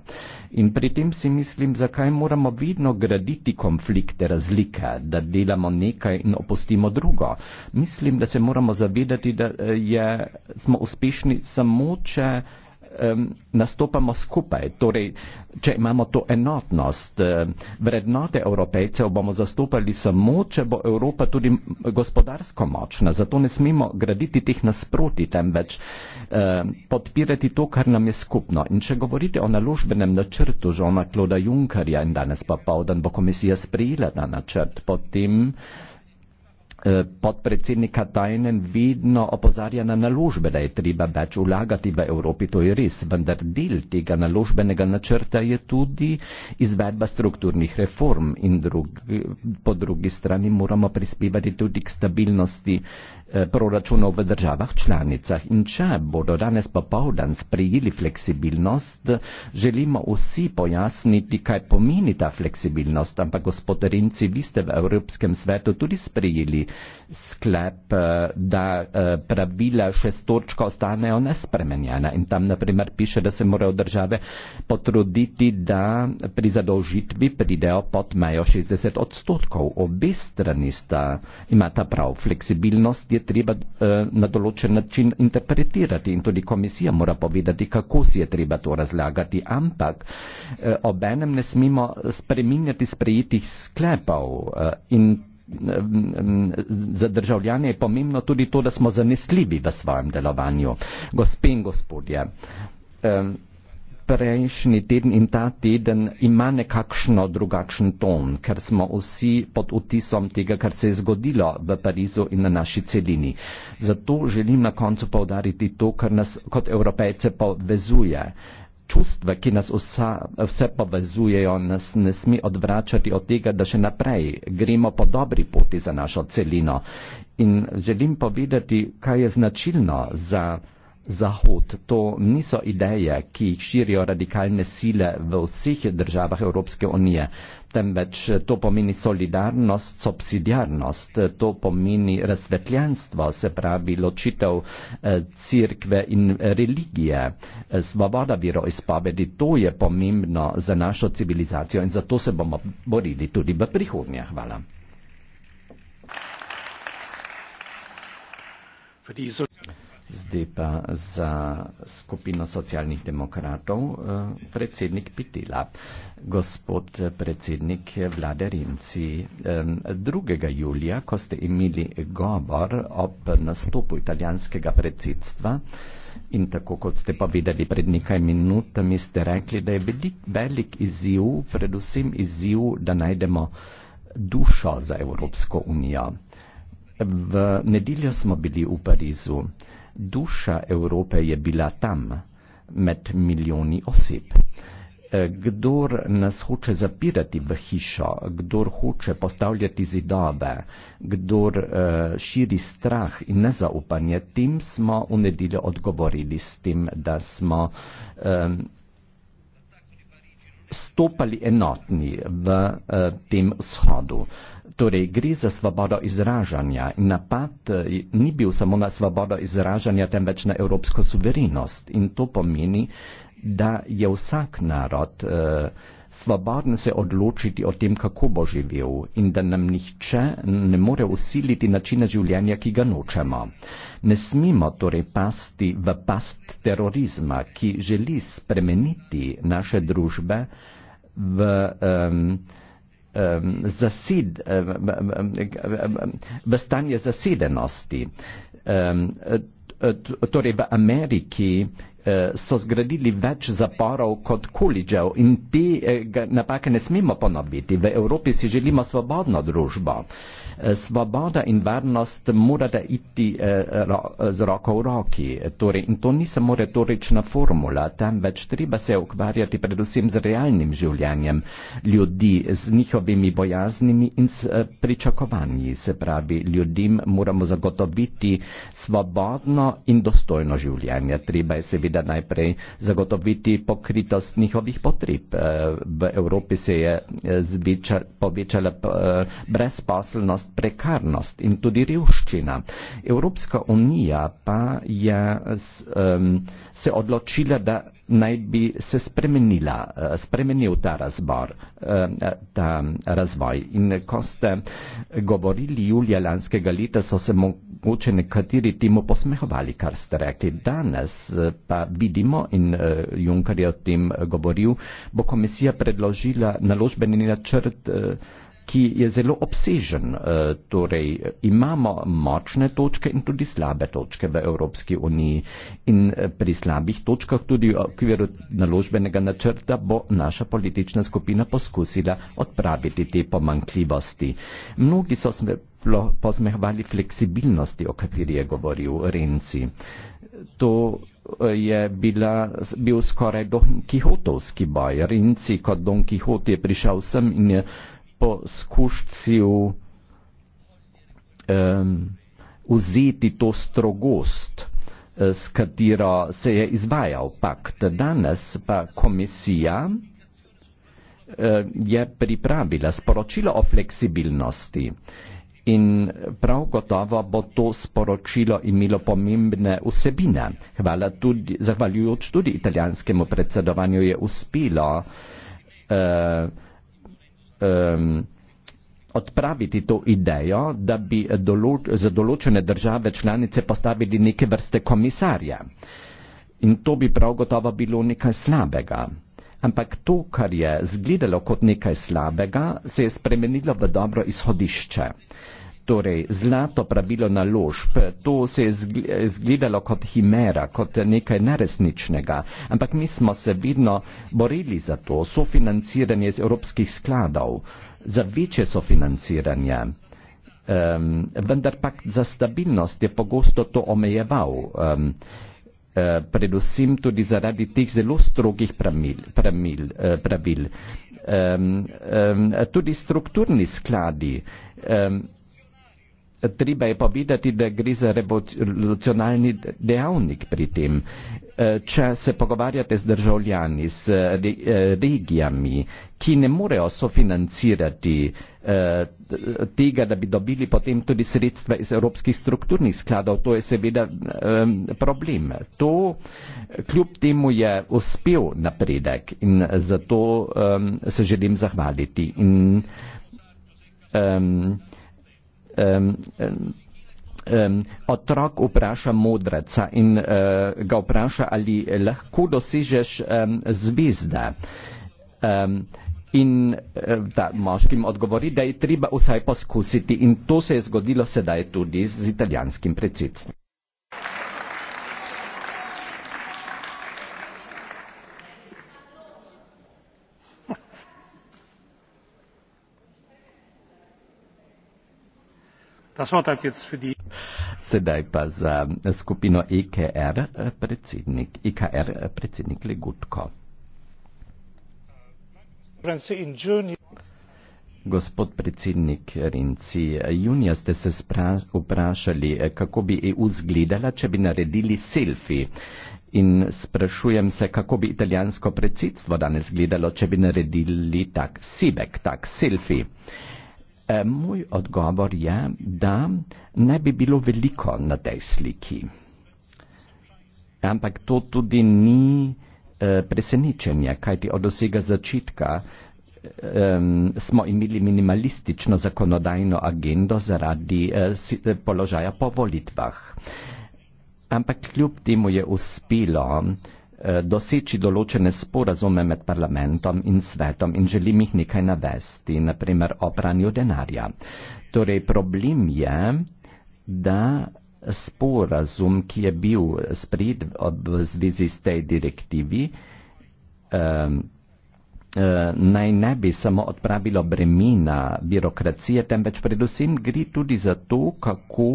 In pri tem si mislim, zakaj moramo vedno graditi konflikte, razlike, da delamo nekaj in opustimo drugo. Mislim, da se moramo zavedati, da e, je, smo uspešni uspešni samo, če um, nastopamo skupaj. Torej, če imamo to enotnost, um, vrednote evropejcev bomo zastopali samo, če bo Evropa tudi gospodarsko močna. Zato ne smemo graditi teh nasproti, temveč um, podpirati to, kar nam je skupno. In če govorite o naložbenem načrtu Žona Kloda Junkarja in danes pa povdan bo komisija sprejela ta načrt, potem. Eh, podpredsednika Tajnen vedno opozarja na naložbe, da je treba več vlagati v Evropi, to je res, vendar del tega naložbenega načrta je tudi izvedba strukturnih reform in drugi, po drugi strani moramo prispevati tudi k stabilnosti eh, proračunov v državah članicah. In če bodo danes popovdan sprejeli fleksibilnost, želimo vsi pojasniti, kaj pomeni ta fleksibilnost, ampak gospod Renci, vi ste v Evropskem svetu tudi sprejeli sklep, eh, da eh, pravila šestorčka ostanejo nespremenjena. In tam naprimer piše, da se morajo države potruditi, da pri zadolžitvi pridejo pod mejo 60 odstotkov. Obe strani sta, imata prav. Fleksibilnost je treba eh, na določen način interpretirati in tudi komisija mora povedati, kako si je treba to razlagati. Ampak obenem ne smemo spreminjati sprejetih sklepov za državljane je pomembno tudi to, da smo zanesljivi v svojem delovanju. Gospe in gospodje, prejšnji teden in ta teden ima nekakšno drugačen ton, ker smo vsi pod utisom tega, kar se je zgodilo v Parizu in na naši celini. Zato želim na koncu povdariti to, kar nas kot evropejce povezuje čustva, ki nas vsa, vse povezujejo, nas ne sme odvračati od tega, da še naprej gremo po dobri poti za našo celino. In želim povedati, kaj je značilno za Zahod. To niso ideje, ki jih širijo radikalne sile v vseh državah Evropske unije temveč eh, to pomeni solidarnost, subsidiarnost, eh, to pomeni razsvetljanstvo, se pravi ločitev eh, cerkve in religije, svoboda veroizpovedi, to je pomembno za našo civilizacijo in zato se bomo borili tudi v prihodnje. Hvala. Fordi så... Zdaj pa za skupino socialnih demokratov eh, predsednik Pitila. Gospod eh, predsednik vlade Rinci, 2. Eh, julija, ko ste imeli govor ob nastopu italijanskega predsedstva in tako kot ste povedali pred nekaj minutami, ste rekli, da je velik izziv, predvsem izziv, da najdemo dušo za Evropsko unijo. V nedeljo smo bili v Parizu duša Evrope je bila tam, med milijoni oseb. E, kdor nas hoče zapirati v hišo, kdor hoče postavljati zidove, kdor e, širi strah in nezaupanje, tem smo v nedeljo odgovorili s tem, da smo e, stopali enotni v tem shodu. Torej, gre za svobodo izražanja in napad eh, ni bil samo na svobodo izražanja, temveč na evropsko suverenost. In to pomeni, da je vsak narod eh, svoboden se odločiti o tem, kako bo živel in da nam nihče ne more usiliti načina življenja, ki ga nočemo. Ne smemo torej pasti v past terorizma, ki želi spremeniti naše družbe v. Eh, Um, zased, v um, um, stanje zasedenosti. Torej v Ameriki uh, so zgradili več zaporov kot koliđev in te eh, napake ne smemo ponoviti. V Evropi si želimo svobodno družbo. Eh, svoboda in varnost morata iti eh, z roko v roki. Torej, in to ni samo retorična formula, temveč treba se ukvarjati predvsem z realnim življenjem ljudi, z njihovimi bojaznimi in s eh, pričakovanji. Se pravi, ljudem moramo zagotoviti svobodno in dostojno življenje. Treba je seveda najprej zagotoviti pokritost njihovih potreb. V Evropi se je zvečala, povečala brezposelnost, nevarnost, prekarnost in tudi revščina. Evropska unija pa je um, se odločila, da naj bi se spremenila, eh, spremenil ta razbor, eh, ta eh, razvoj. In ko ste govorili julija lanskega leta, so se mogoče nekateri temu posmehovali, kar ste rekli. Danes pa vidimo in Junker je o tem govoril, bo komisija predložila naložbeni načrt ki je zelo obsežen. Eh, torej, imamo močne točke in tudi slabe točke v Evropski uniji. In eh, pri slabih točkah tudi v okviru naložbenega načrta bo naša politična skupina poskusila odpraviti te pomankljivosti. Mnogi so sme posmehvali fleksibilnosti, o kateri je govoril Renci. To eh, je bila, bil skoraj Don Kihotovski boj. Renci kot Don Kihot je prišel sem in je poskušal um, vzeti to strogost, eh, s katero se je izvajal pakt. Danes pa komisija uh, je pripravila sporočilo o fleksibilnosti. In prav gotovo bo to sporočilo imelo pomembne vsebine. Hvala tudi, zahvaljujoč tudi italijanskemu predsedovanju je uspelo uh, um, odpraviti to idejo, da bi eh, določ, za določene države članice postavili neke vrste komisarja. In to bi prav gotovo bilo nekaj slabega. Ampak to, kar je zgledalo kot nekaj slabega, se je spremenilo v dobro izhodišče. Uh, torej zlato pravilo naložb, to se je zgledalo kot himera, kot nekaj neresničnega, ampak mi smo se vedno borili za to, sofinanciranje iz evropskih skladov, za večje sofinanciranje. Um, vendar pak za stabilnost je pogosto to omejeval, um, uh, predvsem tudi zaradi teh zelo strogih pramil, pramil, uh, pravil. Um, um, tudi strukturni skladi um, treba je pa videti, da gre za revolucionalni dejavnik pri tem. Eh, če se pogovarjate z državljani, s eh, eh, regijami, ki ne morejo sofinancirati tega, da bi dobili potem tudi sredstva iz evropskih strukturnih skladov, to je seveda ehm, problem. To kljub temu je uspel napredek in zato ehm, se želim zahvaliti. In, um, um, um, otrok vpraša modreca in uh, ga vpraša, ali lahko dosežeš um, zvezde. Um, in eh, da moškim odgovori, da je treba vsaj poskusiti. In to se je zgodilo sedaj tudi z italijanskim predsedstvom. Sedaj pa za skupino EKR predsednik, EKR predsednik Legutko. Gospod predsednik Renci, junija ste se vprašali, kako bi EU izgledala, če bi naredili selfi. In sprašujem se, kako bi italijansko predsedstvo danes gledalo, če bi naredili tak sibek, tak selfi. Eh, moj odgovor je, da ne bi bilo veliko na tej sliki. Ampak to tudi ni eh, presenečenje, kajti od vsega začetka smo imeli minimalistično zakonodajno agendo zaradi eh, položaja po volitvah. Ampak kljub temu je uspelo Eh, doseči določene sporazume med parlamentom in svetom in želim jih nekaj navesti, naprimer o pranju denarja. Torej, problem je, da sporazum, ki je bil sprejet v zvezi s tej direktivi, eh, naj ne bi samo odpravilo bremena birokracije, temveč predvsem gre tudi za to, kako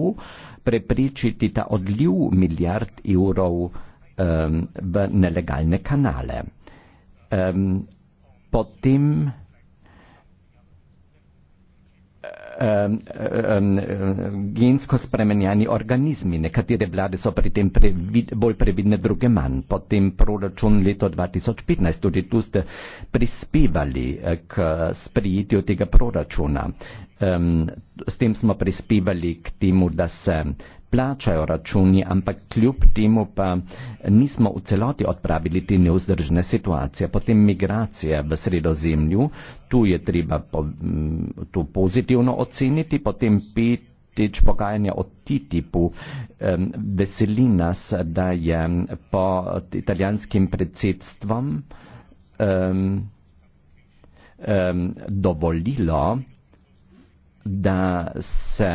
preprečiti ta odliv milijard evrov um, v nelegalne kanale. Um, potem um, um, gensko spremenjeni organizmi, nekatere vlade so pri tem previd, bolj previdne, druge manj. Potem proračun leto 2015, tudi tu ste prispevali eh, k sprijetju tega proračuna. Um, s tem smo prispevali k temu, da se plačajo računi, ampak kljub temu pa nismo v celoti odpravili te neuzdržne situacije. Potem migracija v sredozemlju, tu je treba po, mm, to pozitivno oceniti, potem pet teč pogajanja o TTIP-u. Veseli nas, da je po italijanskim predsedstvom um, um, dovolilo, da se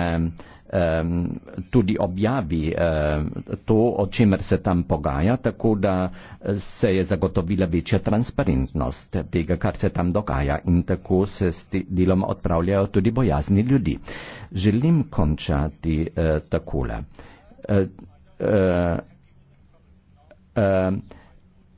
um, tudi objavi um, to, o čemer se tam pogaja, tako da se je zagotovila večja transparentnost tega, kar se tam dogaja in tako se s delom odpravljajo tudi bojazni ljudi. Želim končati uh, takole. Uh, uh, uh,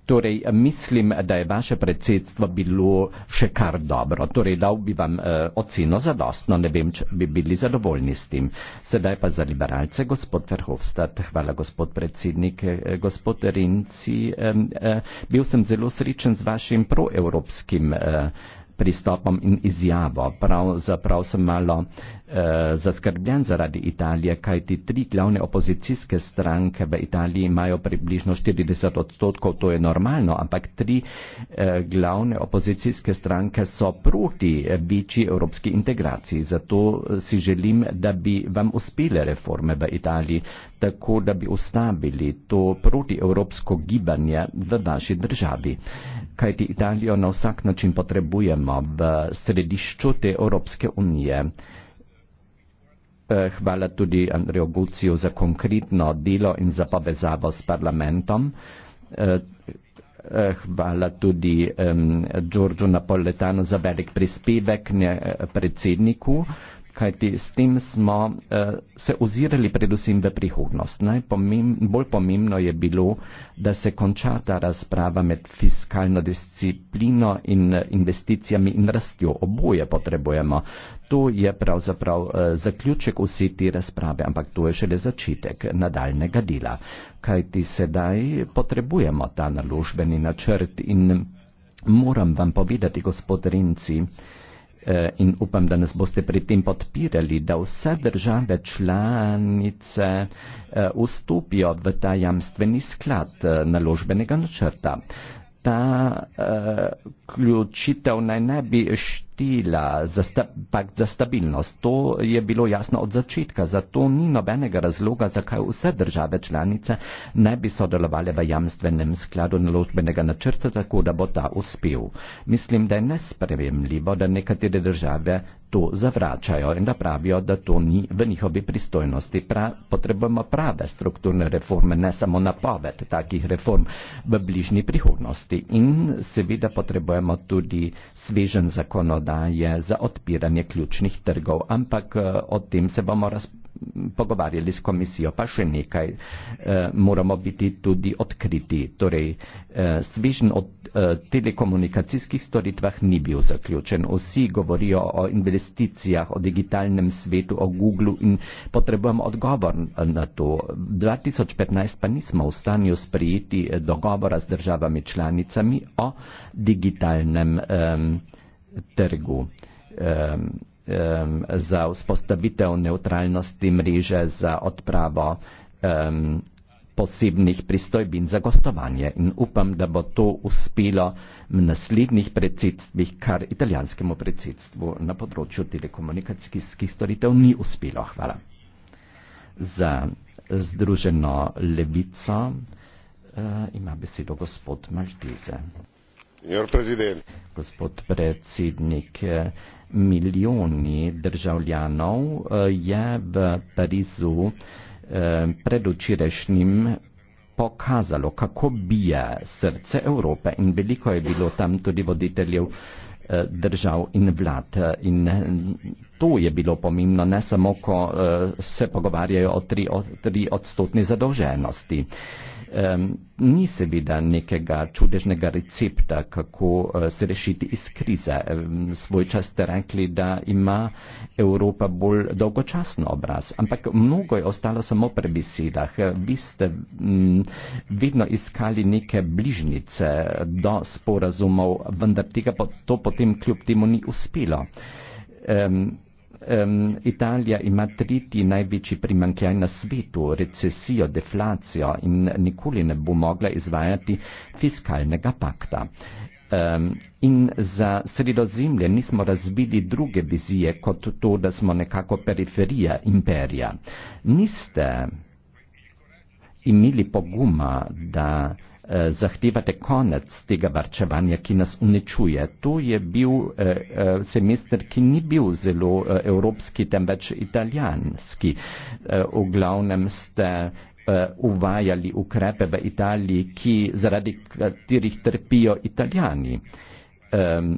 Torej, mislim, da je vaše predsedstvo bilo še kar dobro. Torej, dal bi vam uh, oceno zadostno, ne vem, če bi bili zadovoljni s tim. Sedaj pa za liberalce, gospod Verhofstadt. Hvala, gospod predsednik. Eh, gospod Renci, um, uh, eh, bil sem zelo srečen z vašim proevropskim. Uh, pristopom in izjavo. Pravzaprav sem malo eh, zaskrbljen zaradi Italije, kaj ti tri glavne opozicijske stranke v Italiji imajo približno 40 odstotkov, to je normalno, ampak tri eh, glavne opozicijske stranke so proti večji evropski integraciji. Zato eh, si želim, da bi vam uspele reforme v Italiji tako da bi ustavili to protievropsko gibanje v vaši državi. Kajti Italijo na vsak način potrebujemo v središču te Evropske unije. Eh, hvala tudi Andreju Guciju za konkretno delo in za povezavo s parlamentom. Eh, eh, hvala tudi um, Giorgio Napoletano za velik prispevek predsedniku. Uh, kajti s tem smo uh, se ozirali predvsem v prihodnost. Najpomem, bolj pomembno je bilo, da se konča ta razprava med fiskalno disciplino in eh, investicijami in rastjo. Oboje potrebujemo. To je pravzaprav uh, zaključek vse te razprave, ampak to je šele začetek nadaljnega dela. Kajti sedaj potrebujemo ta naložbeni načrt in moram vam povedati, gospod Renci, uh, Eh, in upam, da nas boste pri tem podpirali, da vse države članice eh, vstopijo v ta jamstveni sklad eh, naložbenega načrta. Ta ključitev naj ne bi pustila za pakt za stabilnost. To je bilo jasno od začetka, zato ni nobenega razloga, zakaj vse države članice ne bi sodelovali v jamstvenem skladu naložbenega načrta, tako da bo ta uspel. Mislim, da je nespremljivo, da nekatere države to zavračajo in da pravijo, da to ni v njihovi pristojnosti. Pra, potrebujemo prave strukturne reforme, ne samo napoved takih reform v bližnji prihodnosti. In seveda potrebujemo tudi svežen zakonodaj vlada je za odpiranje ključnih trgov, ampak eh, o tem se bomo pogovarjali s komisijo. Pa še nekaj, eh, moramo biti tudi odkriti. Torej, eh, svižen o telekomunikacijskih storitvah ni bil zaključen. Vsi govorijo o investicijah, o digitalnem svetu, o Google in potrebujemo odgovor na to. 2015 pa nismo v stanju sprijeti dogovora z državami članicami o digitalnem svetu. Um, trgu um, um, za vzpostavitev neutralnosti mreže za odpravo um, posebnih pristojbin za gostovanje in upam, da bo to uspelo v naslednjih predsedstvih, kar italijanskemu predsedstvu na področju telekomunikacijskih storitev ni uspelo. Hvala. Za združeno levico uh, ima besedo gospod Maltese. Gospod predsednik, milijoni državljanov eh, je v Parizu eh, predočirešnjim pokazalo, kako bije srce Evrope in veliko je bilo tam tudi voditeljev eh, držav in vlad. In to je bilo pomembno, ne samo, ko se pogovarjajo o tri, o tri odstotni zadolženosti um, ni seveda nekega čudežnega recepta, kako uh, se rešiti iz krize. Um, svoj čas ste rekli, da ima Evropa bolj dolgočasno obraz, ampak mnogo je ostalo samo pri besedah. Vi ste um, vedno iskali neke bližnice do sporazumov, vendar tega, to potem kljub temu ni uspelo. Um, um, Italija ima tretji največji primankjaj na svetu, recesijo, deflacijo in nikoli ne bo mogla izvajati fiskalnega pakta. Um, in za sredozemlje nismo razbili druge vizije kot to, da smo nekako periferija imperija. Niste imeli poguma, da Eh, zahtevate konec tega varčevanja, ki nas uničuje. To je bil eh, eh, semester, ki ni bil zelo evropski, temveč italijanski. V glavnem ste uvajali ukrepe v Italiji, ki, zaradi katerih trpijo italijani. Um,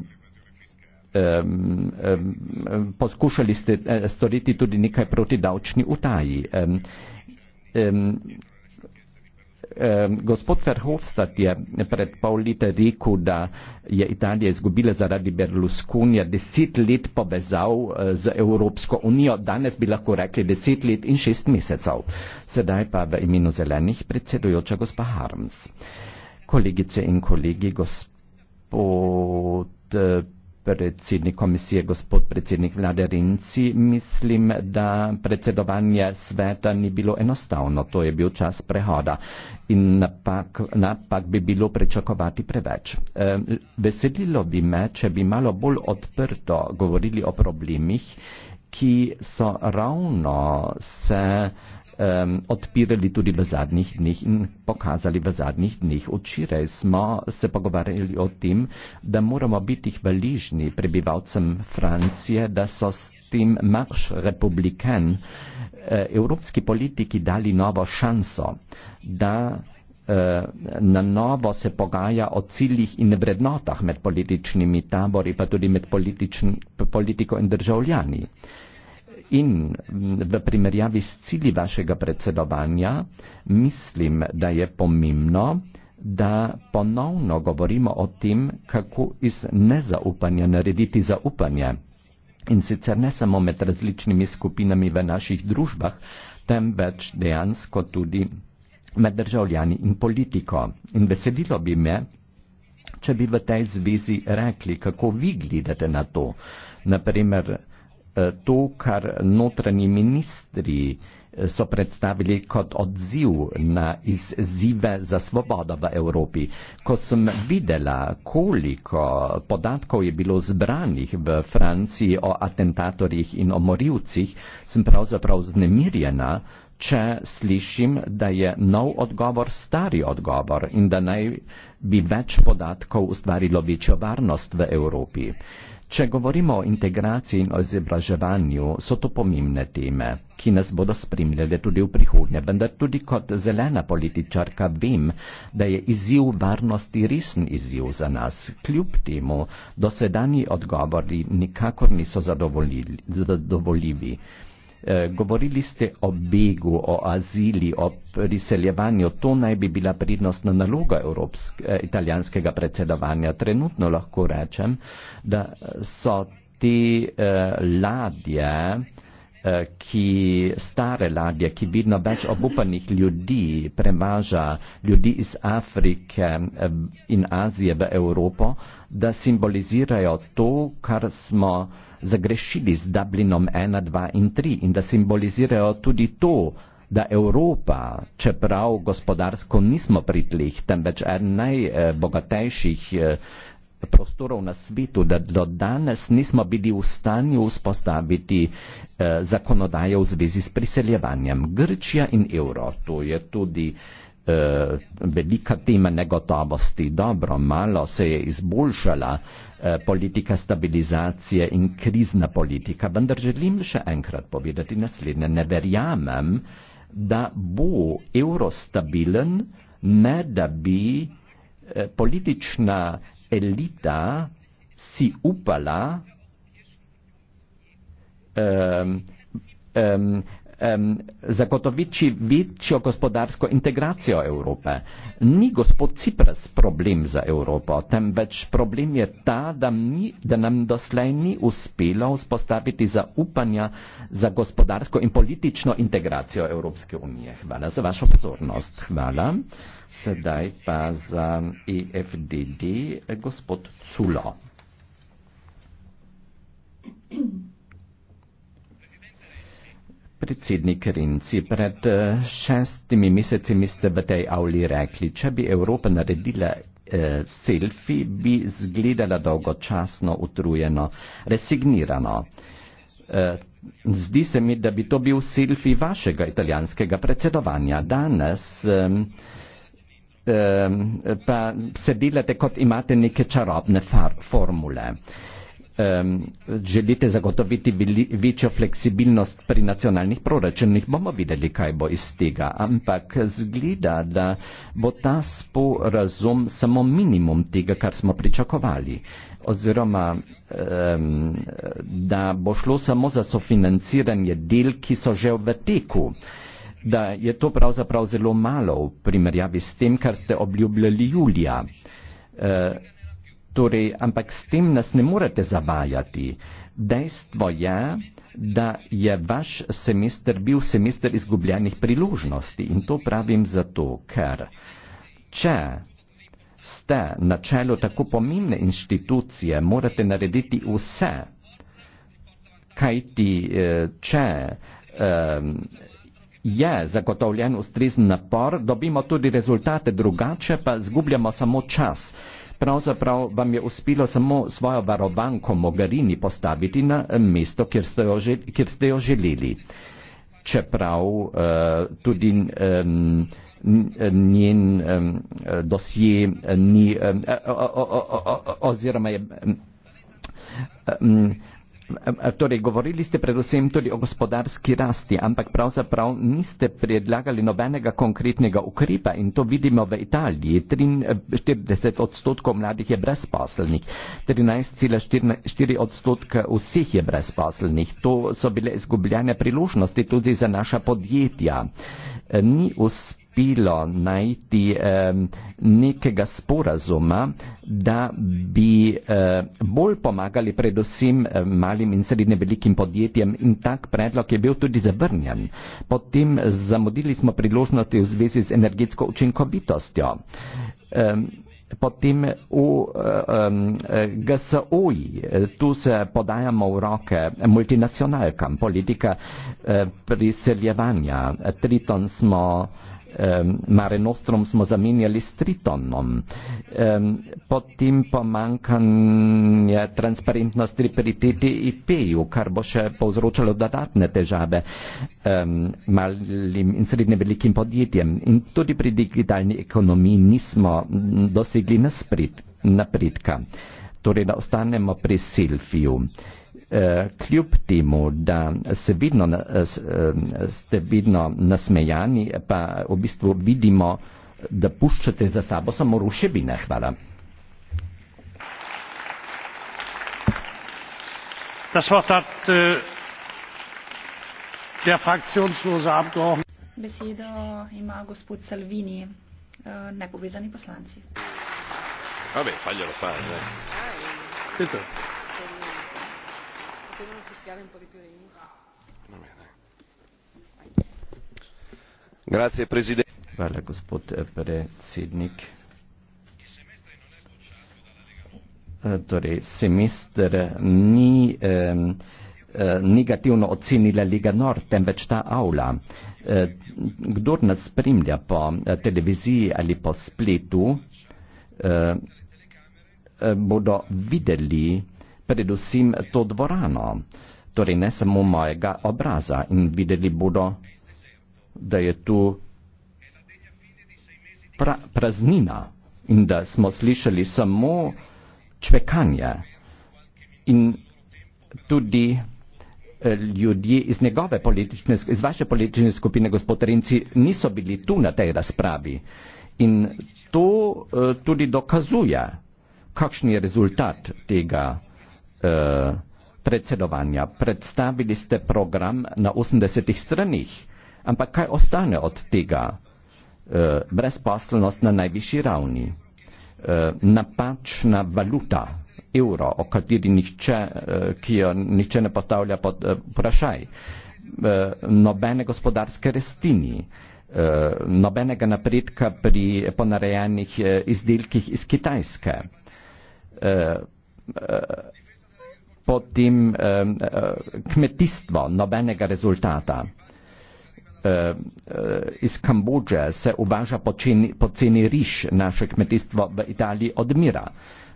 um, um, poskušali ste uh, storiti tudi nekaj proti davčni utaji. Um, um, eh, gospod Verhofstadt je pred pol leta rekel, da je Italija izgubila zaradi Berlusconija deset let povezav eh, z Evropsko unijo, danes bi lahko rekli deset let in šest mesecev. Sedaj pa v imenu zelenih predsedujoča gospa Harms. Kolegice in kolegi, gospod. Eh, predsednik komisije, gospod predsednik vlade Renci, mislim, da predsedovanje sveta ni bilo enostavno, to je bil čas prehoda in napak, napak bi bilo prečakovati preveč. Veselilo bi me, če bi malo bolj odprto govorili o problemih, ki so ravno se um, odpirali tudi v zadnjih dneh in pokazali v zadnjih dneh. Včeraj smo se pogovarjali o tem, da moramo biti hvaližni prebivalcem Francije, da so s tem marš republikan eh, evropski politiki dali novo šanso, da eh, na novo se pogaja o ciljih in vrednotah med političnimi tabori, pa tudi med politično, politiko in državljani. In v primerjavi s cilji vašega predsedovanja mislim, da je pomembno, da ponovno govorimo o tem, kako iz nezaupanja narediti zaupanje. In sicer ne samo med različnimi skupinami v naših družbah, temveč dejansko tudi med državljani in politiko. In veselilo bi me, če bi v tej zvezi rekli, kako vi gledate na to. Naprimer, Eh, to, kar notranji ministri eh, so predstavili kot odziv na izzive za svobodo v Evropi. Ko sem videla, koliko podatkov je bilo zbranih v Franciji o atentatorjih in o morilcih, sem pravzaprav znemirjena, če slišim, da je nov odgovor stari odgovor in da naj bi več podatkov ustvarilo večjo varnost v Evropi. Uh, Če govorimo o integraciji in o izobraževanju, so to pomembne teme, ki nas bodo spremljale tudi v prihodnje, vendar tudi kot zelena političarka vem, da je izziv varnosti resen izziv za nas. Kljub temu, dosedani odgovori nikakor niso zadovoljivi. Eh, govorili ste o begu, o azili, o priseljevanju. To naj bi bila pridnostna naloga evropske, eh, italijanskega predsedovanja. Trenutno lahko rečem, da so te eh, ladje eh, Eh, ki stare ladje, ki vidno več obupanih ljudi prevaža ljudi iz Afrike eh, in Azije v Evropo, da simbolizirajo to, kar smo zagrešili z Dublinom 1, 2 in 3 in da simbolizirajo tudi to, da Evropa, čeprav gospodarsko nismo pritlih, temveč en najbogatejših eh, eh, prostorov na svetu, da do danes nismo bili v stanju vzpostaviti eh, zakonodaje v zvezi s priseljevanjem. Grčija in evro, to je tudi eh, velika tema negotovosti. Dobro, malo se je izboljšala eh, politika stabilizacije in krizna politika, vendar želim še enkrat povedati naslednje. Ne verjamem, da bo evro stabilen, ne da bi eh, politična Elita si upala um, um, um, zagotoviti večjo gospodarsko integracijo Evrope. Ni gospod Cipras problem za Evropo, temveč problem je ta, da, mi, da nam doslej ni uspelo vzpostaviti zaupanja za gospodarsko in politično integracijo Evropske unije. Hvala za vašo pozornost. Hvala. Sedaj pa za EFDD gospod Culo. Mm-hmm. predsednik Renci, pred eh, šestimi meseci ste v tej avli rekli, če bi Evropa naredila eh, selfi, bi izgledala dolgočasno, utrujeno, resignirano. Eh, zdi se mi, da bi to bil selfi vašega italijanskega predsedovanja. Danes eh, eh, pa se delate, kot imate neke čarobne formule. Eh, um, želite zagotoviti bili, večjo fleksibilnost pri nacionalnih proračunih. Bomo videli, kaj bo iz tega, ampak zgleda, da bo ta sporazum samo minimum tega, kar smo pričakovali oziroma um, da bo šlo samo za sofinanciranje del, ki so že v teku, da je to pravzaprav zelo malo v primerjavi s tem, kar ste obljubljali julija. Uh, Torej, ampak s tem nas ne morete zavajati. Dejstvo je, da je vaš semester bil semester izgubljenih priložnosti in to pravim zato, ker če ste na čelu tako pomembne inštitucije, morate narediti vse, kajti eh, če ehm, je zagotovljen ustrezen napor, dobimo tudi rezultate, drugače pa zgubljamo samo čas pravzaprav vam je uspelo samo svojo varovanko Mogarini postaviti na eh, mesto, kjer ste jo, žel, kjer ste jo želeli. Čeprav eh, tudi eh, njen eh, dosje ni eh, o, o, o, o, o, oziroma je. Eh, Eh, eh, torej, govorili ste predvsem tudi o gospodarski rasti, ampak pravzaprav niste predlagali nobenega konkretnega ukrepa in to vidimo v Italiji. 43 odstotkov mladih je brezposelnih, 13,4 odstotka vseh je brezposelnih. To so bile izgubljene priložnosti tudi za naša podjetja. Eh, ni uspešno bilo najti nekega sporazuma, da bi eh, bolj pomagali predvsem eh, malim in srednje velikim podjetjem in tak predlog je bil tudi zavrnjen. Potem zamudili smo priložnosti v zvezi z energetsko učinkovitostjo. Potem v um, GSO-ji, tu se podajamo v roke multinacionalkam, politika uh, priseljevanja. Triton smo uh, eh, Mare Nostrum smo zamenjali s Tritonom. Eh, potem pa manjkanje transparentnosti pri TTIP-ju, kar bo še povzročalo dodatne težave eh, malim in srednje velikim podjetjem. In tudi pri digitalni ekonomiji nismo dosegli naspred, napredka. Torej, da ostanemo pri selfiju. Eh, Eh, kljub temu, da se vidno, eh, ste vidno nasmejani, pa v bistvu vidimo, da puščate za sabo samo ruševine. Hvala. Äh, Besedo ima gospod Salvini, äh, nepovezani poslanci. Vabbè, faglielo fare. Eh. Questo gospod eh, predsednik eh, torej semester ni eh, negativno ocenila Liga Nor, temveč ta avla. Kdor nas spremlja po televiziji ali po spletu, bodo videli, predvsem to dvorano, torej ne samo mojega obraza in videli bodo, da je tu pra, praznina in da smo slišali samo čvekanje in tudi eh, ljudje iz njegove politične, iz vaše politične skupine, gospod Renci, niso bili tu na tej razpravi. In to uh, tudi dokazuje, kakšen je rezultat tega. Eh, predsedovanja. Predstavili ste program na 80 stranih, ampak kaj ostane od tega? Eh, brezposelnost na najvišji ravni, eh, napačna valuta, evro, o kateri nihče, ki jo nihče ne postavlja pod vprašaj, nobene gospodarske restini, nobenega napredka pri ponarejenih izdelkih iz Kitajske potem e, kmetijstvo, nobenega rezultata. E, e, iz Kambodže se uvaža poceni riš, naše kmetijstvo v Italiji odmira.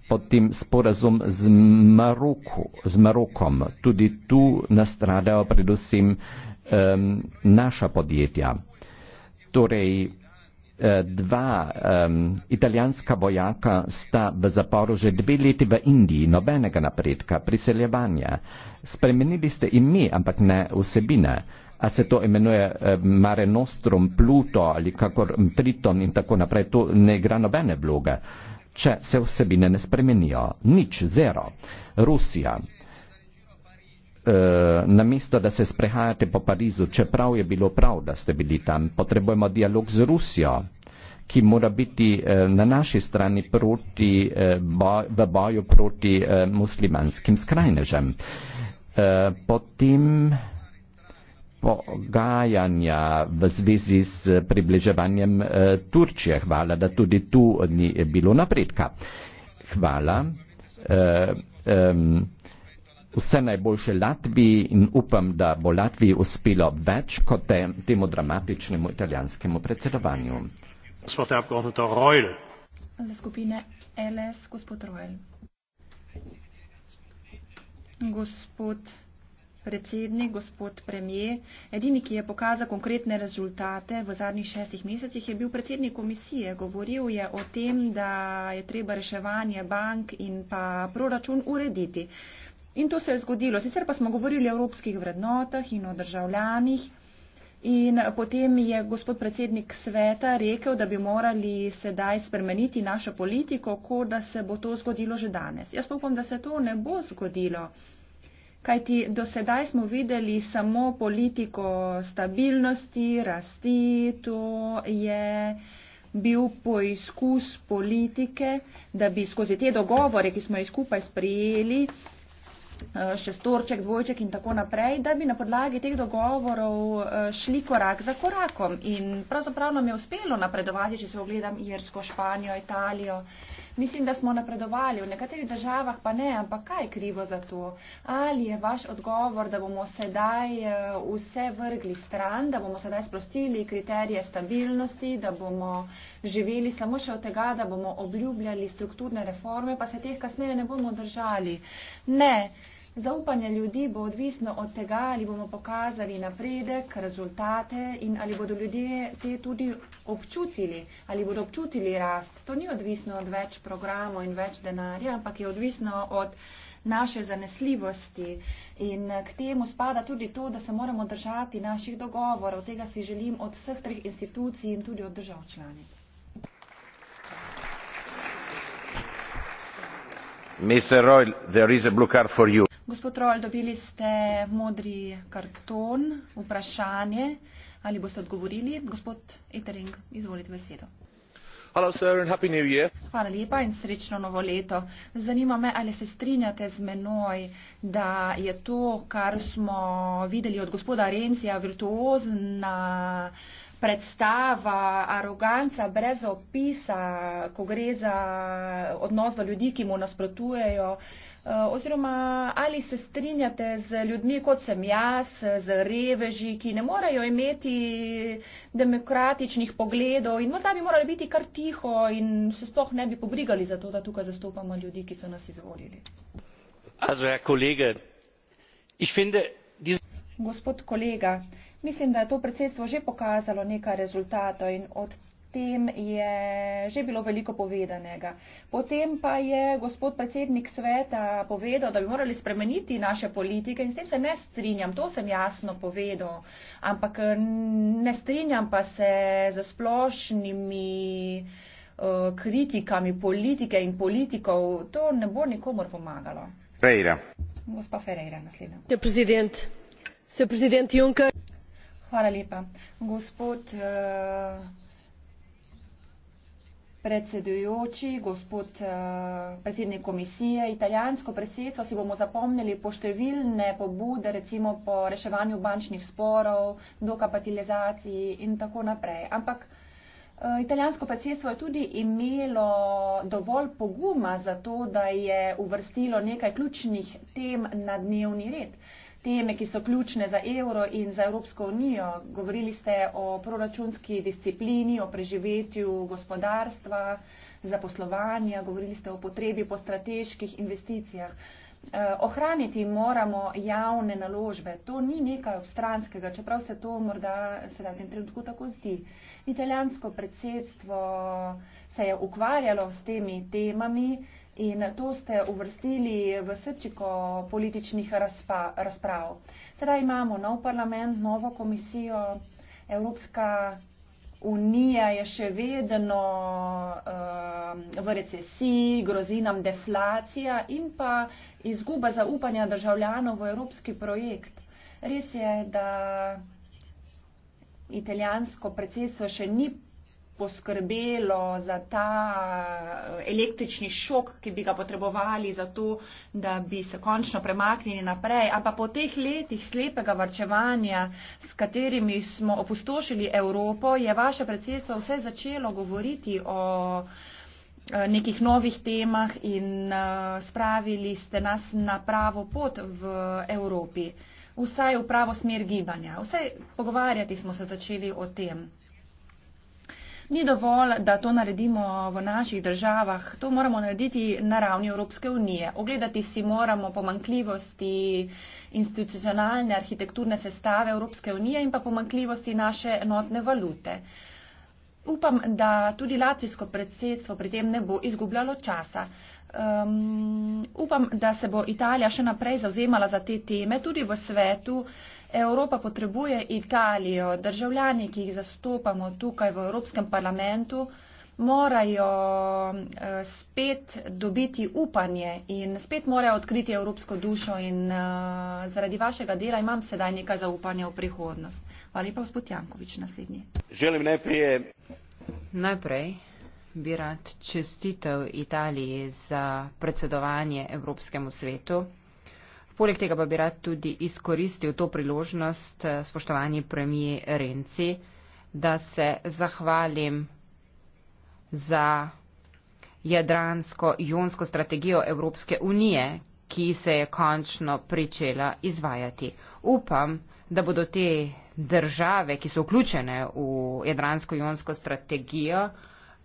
Potem sporazum z, Maroku, z Marokom, tudi tu nastradajo predvsem um, naša podjetja. Torej, dva um, italijanska vojaka sta v zaporu že dve leti v Indiji, nobenega napredka, priseljevanja. Spremenili ste ime, ampak ne vsebine. A se to imenuje Mare Nostrum, Pluto ali kakor Triton in tako naprej, to ne igra nobene vloge, če se vsebine ne spremenijo. Nič, zero. Rusija eh, namesto da se sprehajate po Parizu, čeprav je bilo prav, da ste bili tam, potrebujemo dialog z Rusijo, ki mora biti eh, na naši strani proti, eh, boj, v boju proti eh, muslimanskim skrajnežem. Eh, potem pogajanja v zvezi s približevanjem eh, Turčije. Hvala, da tudi tu ni bilo napredka. Hvala. Eh, eh, vse najboljše Latviji in upam, da bo Latviji uspelo več kot te, temu dramatičnemu italijanskemu predsedovanju. Za skupine LS, gospod Rojl. Gospod predsednik, gospod premijer, edini, ki je pokazal konkretne rezultate v zadnjih šestih mesecih, je bil predsednik komisije. Govoril je o tem, da je treba reševanje bank in pa proračun urediti. In to se je zgodilo. Sicer pa smo govorili o evropskih vrednotah in o državljanih. In potem je gospod predsednik sveta rekel, da bi morali sedaj spremeniti našo politiko, ko da se bo to zgodilo že danes. Jaz pa upam, da se to ne bo zgodilo. Kajti do sedaj smo videli samo politiko stabilnosti, rasti, to je bil poizkus politike, da bi skozi te dogovore, ki smo jih skupaj sprijeli, Eh, šestorček, dvojček in tako naprej, da bi na podlagi teh dogovorov eh, šli korak za korakom. In pravzaprav nam je uspelo napredovati, če se ogledam Irsko, Španijo, Italijo. Mislim, da smo napredovali, v nekaterih državah pa ne, ampak kaj je krivo za to? Ali je vaš odgovor, da bomo sedaj eh, vse vrgli stran, da bomo sedaj sprostili kriterije stabilnosti, da bomo živeli samo še od tega, da bomo obljubljali strukturne reforme, pa se teh kasneje ne bomo držali? Ne. Zaupanje ljudi bo odvisno od tega, ali bomo pokazali napredek, rezultate in ali bodo ljudje te tudi občutili, ali bodo občutili rast. To ni odvisno od več programov in več denarja, ampak je odvisno od naše zanesljivosti. In k temu spada tudi to, da se moramo držati naših dogovorov. Tega si želim od vseh treh institucij in tudi od držav članic. Mr. Royal, there is a blue card for you. Gospod Rol, dobili ste modri karton, vprašanje, ali boste odgovorili. Gospod Etering, izvolite besedo. Hello, sir, Hvala lepa in srečno novo leto. Zanima me, ali se strinjate z menoj, da je to, kar smo videli od gospoda Rencija, virtuozna predstava, aroganca brez opisa, ko gre za odnos do ljudi, ki mu nasprotujejo. Eh, oziroma, ali se strinjate z ljudmi, kot sem jaz, z reveži, ki ne morejo imeti demokratičnih pogledov in morda bi morali biti kar tiho in se sploh ne bi pobrigali za to, da tukaj zastopamo ljudi, ki so nas izvolili? Also, Herr Kollege, ich finde, diese... Gospod kolega, mislim, da je to predsedstvo že pokazalo nekaj rezultatov in od tem je že bilo veliko povedanega. Potem pa je gospod predsednik sveta povedal, da bi morali spremeniti naše politike in s tem se ne strinjam, to sem jasno povedal, ampak eh, ne strinjam pa se z splošnimi eh, kritikami politike in politikov, to ne bo nikomor pomagalo. Ferreira. Gospa Ferreira, naslednja. Gospod predsednik, gospod predsednik Juncker. Hvala lepa. Gospod uh predsedujoči, gospod eh, predsednik komisije, italijansko predsedstvo si bomo zapomnili po številne pobude, recimo po reševanju bančnih sporov, dokapitalizaciji in tako naprej. Ampak eh, italijansko predsedstvo je tudi imelo dovolj poguma za to, da je uvrstilo nekaj ključnih tem na dnevni red teme, ki so ključne za evro in za Evropsko unijo. Govorili ste o proračunski disciplini, o preživetju gospodarstva, zaposlovanja, govorili ste o potrebi po strateških investicijah. Eh, ohraniti moramo javne naložbe. To ni nekaj obstranskega, čeprav se to morda sedaj v tem trenutku tako zdi. Italijansko predsedstvo se je ukvarjalo s temi temami, in to ste uvrstili v srčiko političnih razpa, razprav. Sedaj imamo nov parlament, novo komisijo, Evropska unija je še vedno uh, v recesiji, grozi nam deflacija in pa izguba zaupanja državljanov v evropski projekt. Res je, da italijansko predsedstvo še ni poskrbelo za ta eh, električni šok, ki bi ga potrebovali za to, da bi se končno premaknili naprej. Ampak po teh letih slepega varčevanja, s katerimi smo opustošili Evropo, je vaše predsedstvo vse začelo govoriti o eh, nekih novih temah in eh, spravili ste nas na pravo pot v Evropi, vsaj v pravo smer gibanja. Vsaj pogovarjati smo se začeli o tem ni dovolj, da to naredimo v naših državah. To moramo narediti na ravni Evropske unije. Ogledati si moramo pomankljivosti institucionalne arhitekturne sestave Evropske unije in pa pomankljivosti naše enotne valute. Upam, da tudi latvijsko predsedstvo pri tem ne bo izgubljalo časa. Um, upam, da se bo Italija še naprej zauzemala za te teme, tudi v svetu, Evropa potrebuje Italijo. Državljani, ki jih zastopamo tukaj v Evropskem parlamentu, morajo eh, spet dobiti upanje in spet morajo odkriti evropsko dušo in eh, zaradi vašega dela imam sedaj nekaj zaupanja v prihodnost. Hvala lepa, gospod Janković, naslednji. Želim najprej. Najprej bi rad čestitev Italiji za predsedovanje Evropskemu svetu. Poleg tega pa bi rad tudi izkoristil to priložnost, eh, spoštovani premije Renci, da se zahvalim za jadransko-jonsko strategijo Evropske unije, ki se je končno pričela izvajati. Upam, da bodo te države, ki so vključene v jadransko-jonsko strategijo,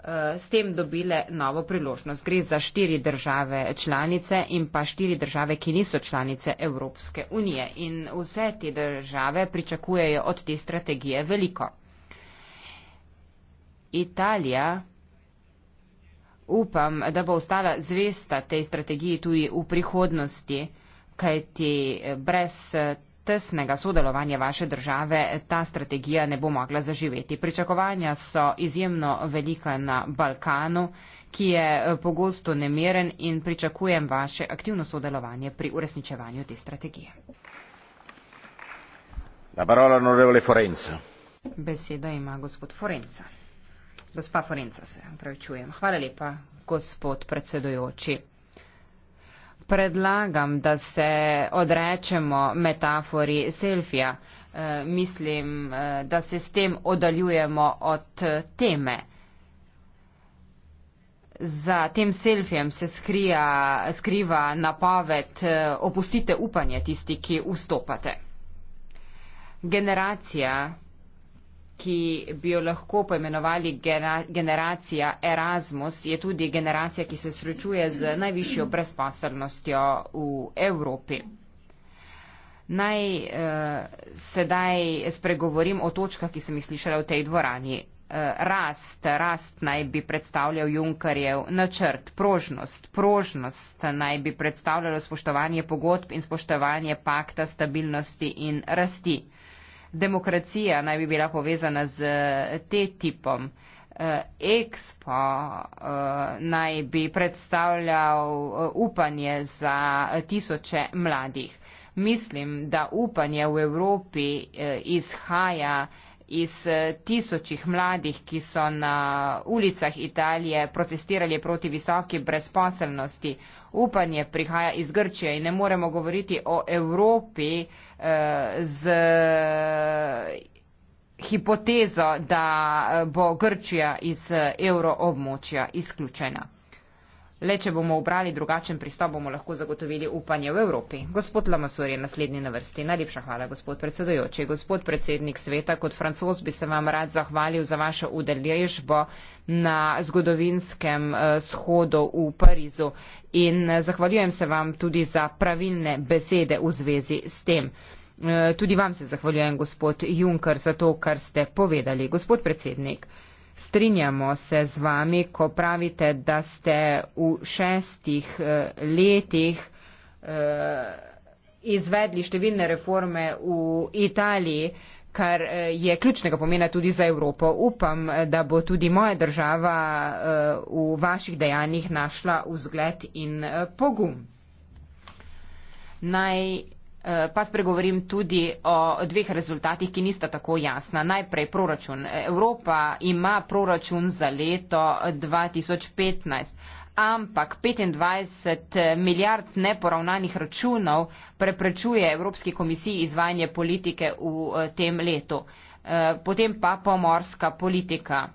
Eh, s tem dobile novo priložnost. Gre za štiri države članice in pa štiri države, ki niso članice Evropske unije. In vse te države pričakujejo od te strategije veliko. Italija, upam, da bo ostala zvesta tej strategiji tudi v prihodnosti, kajti eh, brez eh, tesnega sodelovanja vaše države ta strategija ne bo mogla zaživeti. Pričakovanja so izjemno velika na Balkanu, ki je eh, pogosto nemeren in pričakujem vaše aktivno sodelovanje pri uresničevanju te strategije. Beseda ima gospod Forenca. Gospa Forenca se, pravi čujem. Hvala lepa, gospod predsedujoči predlagam, da se odrečemo metafori selfija. E, mislim, eh, da se s tem oddaljujemo od teme. Za tem selfijem se skrija, skriva napoved eh, opustite upanje tisti, ki vstopate. Generacija ki bi jo lahko poimenovali generacija Erasmus, je tudi generacija, ki se srečuje z najvišjo brezposelnostjo v Evropi. Naj eh, sedaj spregovorim o točkah, ki sem jih slišala v tej dvorani. Eh, rast, rast naj bi predstavljal Junkarjev načrt, prožnost, prožnost naj bi predstavljalo spoštovanje pogodb in spoštovanje pakta stabilnosti in rasti. Eh, demokracija naj bi bila povezana z eh, te tipom. Eh, Expo eh, naj bi predstavljal upanje za tisoče mladih. Mislim, da upanje v Evropi izhaja iz tisočih mladih, ki so na ulicah Italije protestirali proti visoki brezposelnosti, upanje prihaja iz Grčije in ne moremo govoriti o Evropi eh, z eh, hipotezo, da eh, bo Grčija iz evroobmočja izključena. Le, če bomo obrali drugačen pristop, bomo lahko zagotovili upanje v Evropi. Gospod Lamasur je naslednji na vrsti. Najlepša hvala, gospod predsedojoči. Gospod predsednik sveta, kot francos bi se vam rad zahvalil za vašo udeležbo na zgodovinskem eh, shodu v Parizu in eh, zahvaljujem se vam tudi za pravilne besede v zvezi s tem. Eh, tudi vam se zahvaljujem, gospod Juncker, za to, kar ste povedali. Gospod predsednik strinjamo se z vami, ko pravite, da ste v šestih eh, letih eh, izvedli številne reforme v Italiji, kar eh, je ključnega pomena tudi za Evropo. Upam, da bo tudi moja država v vaših dejanjih našla vzgled in pogum. Naj Eh, pa spregovorim tudi o dveh rezultatih, ki nista tako jasna. Najprej proračun. Evropa ima proračun za leto 2015, ampak 25 milijard neporavnanih računov preprečuje Evropski komisiji izvajanje politike v eh, tem letu. Eh, potem pa pomorska politika.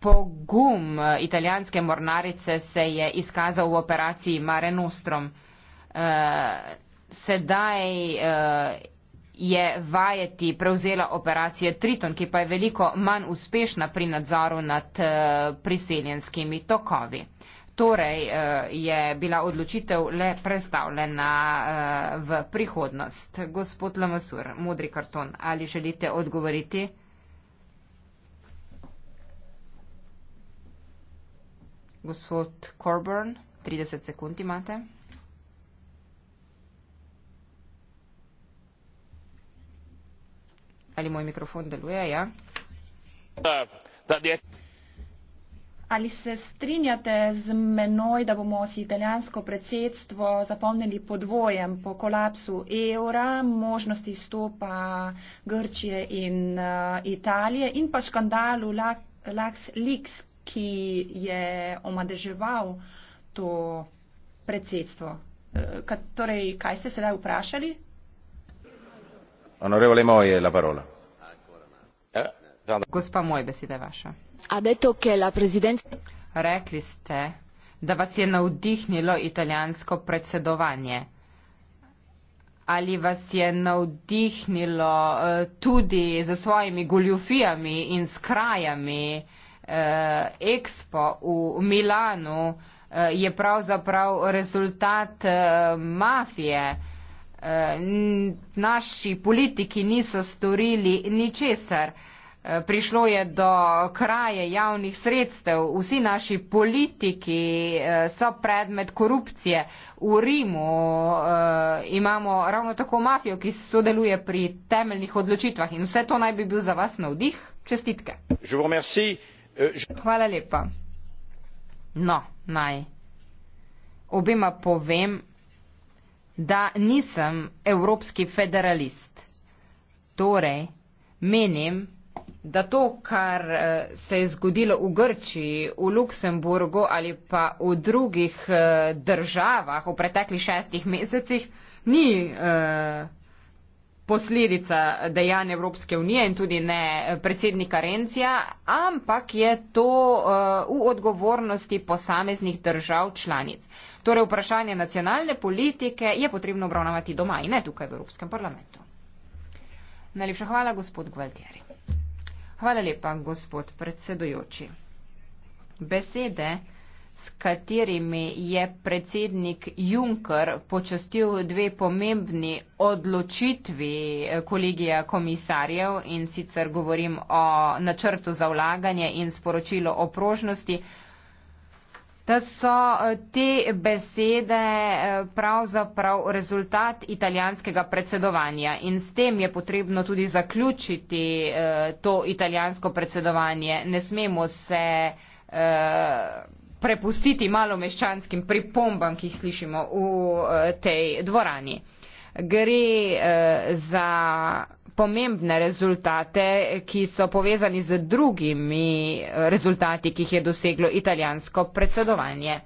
Pogum italijanske mornarice se je izkazal v operaciji Mare Nostrom uh, sedaj uh, je vajeti prevzela operacija Triton, ki pa je veliko manj uspešna pri nadzoru nad uh, priseljenskimi tokovi. Torej uh, je bila odločitev le predstavljena uh, v prihodnost. Gospod Lamasur, modri karton, ali želite odgovoriti? Gospod Corburn, 30 sekund imate. Ali moj mikrofon deluje? Ja. Ali se strinjate z menoj, da bomo si italijansko predsedstvo zapomnili podvojem po kolapsu evra, možnosti stopa Grčije in uh, Italije in pa škandalu LaxLeaks, ki je omadeževal to predsedstvo? Uh, kat, torej, kaj ste sedaj vprašali? rekli ste da vas je navdihnilo italijansko predsedovanje ali vas je navdihnilo eh, tudi s svojimi goljufijami in skrajami eh, expo v milanu eh, je pravzaprav rezultat mafije Eh, naši politiki niso storili ničesar. Eh, prišlo je do kraje javnih sredstev, vsi naši politiki eh, so predmet korupcije. V Rimu imamo ravno tako mafijo, ki sodeluje pri temeljnih odločitvah in vse to naj bi bil za vas navdih. Čestitke. Euh, Hvala lepa. No, naj. Obima povem, da nisem evropski federalist. Torej, menim, da to, kar eh, se je zgodilo v Grčiji, v Luksemburgu ali pa v drugih eh, državah v preteklih šestih mesecih, ni uh, posledica dejanja Evropske unije in tudi ne eh, predsednika Rencija, ampak je to eh, v odgovornosti posameznih držav članic. Torej vprašanje nacionalne politike je potrebno obravnavati doma in ne tukaj v Evropskem parlamentu. Najlepša hvala, gospod Gvaltieri. Hvala lepa, gospod predsedujoči. Besede s katerimi je predsednik Juncker počastil dve pomembni odločitvi eh, kolegija komisarjev in sicer govorim o načrtu za vlaganje in sporočilo o prožnosti, da so eh, te besede eh, pravzaprav rezultat italijanskega predsedovanja in s tem je potrebno tudi zaključiti to italijansko predsedovanje. Ne smemo se eh, prepustiti malo meščanskim pripombam, ki jih slišimo v eh, tej dvorani. Gre eh, za pomembne rezultate, ki so povezani z drugimi eh, rezultati, ki jih je doseglo italijansko predsedovanje.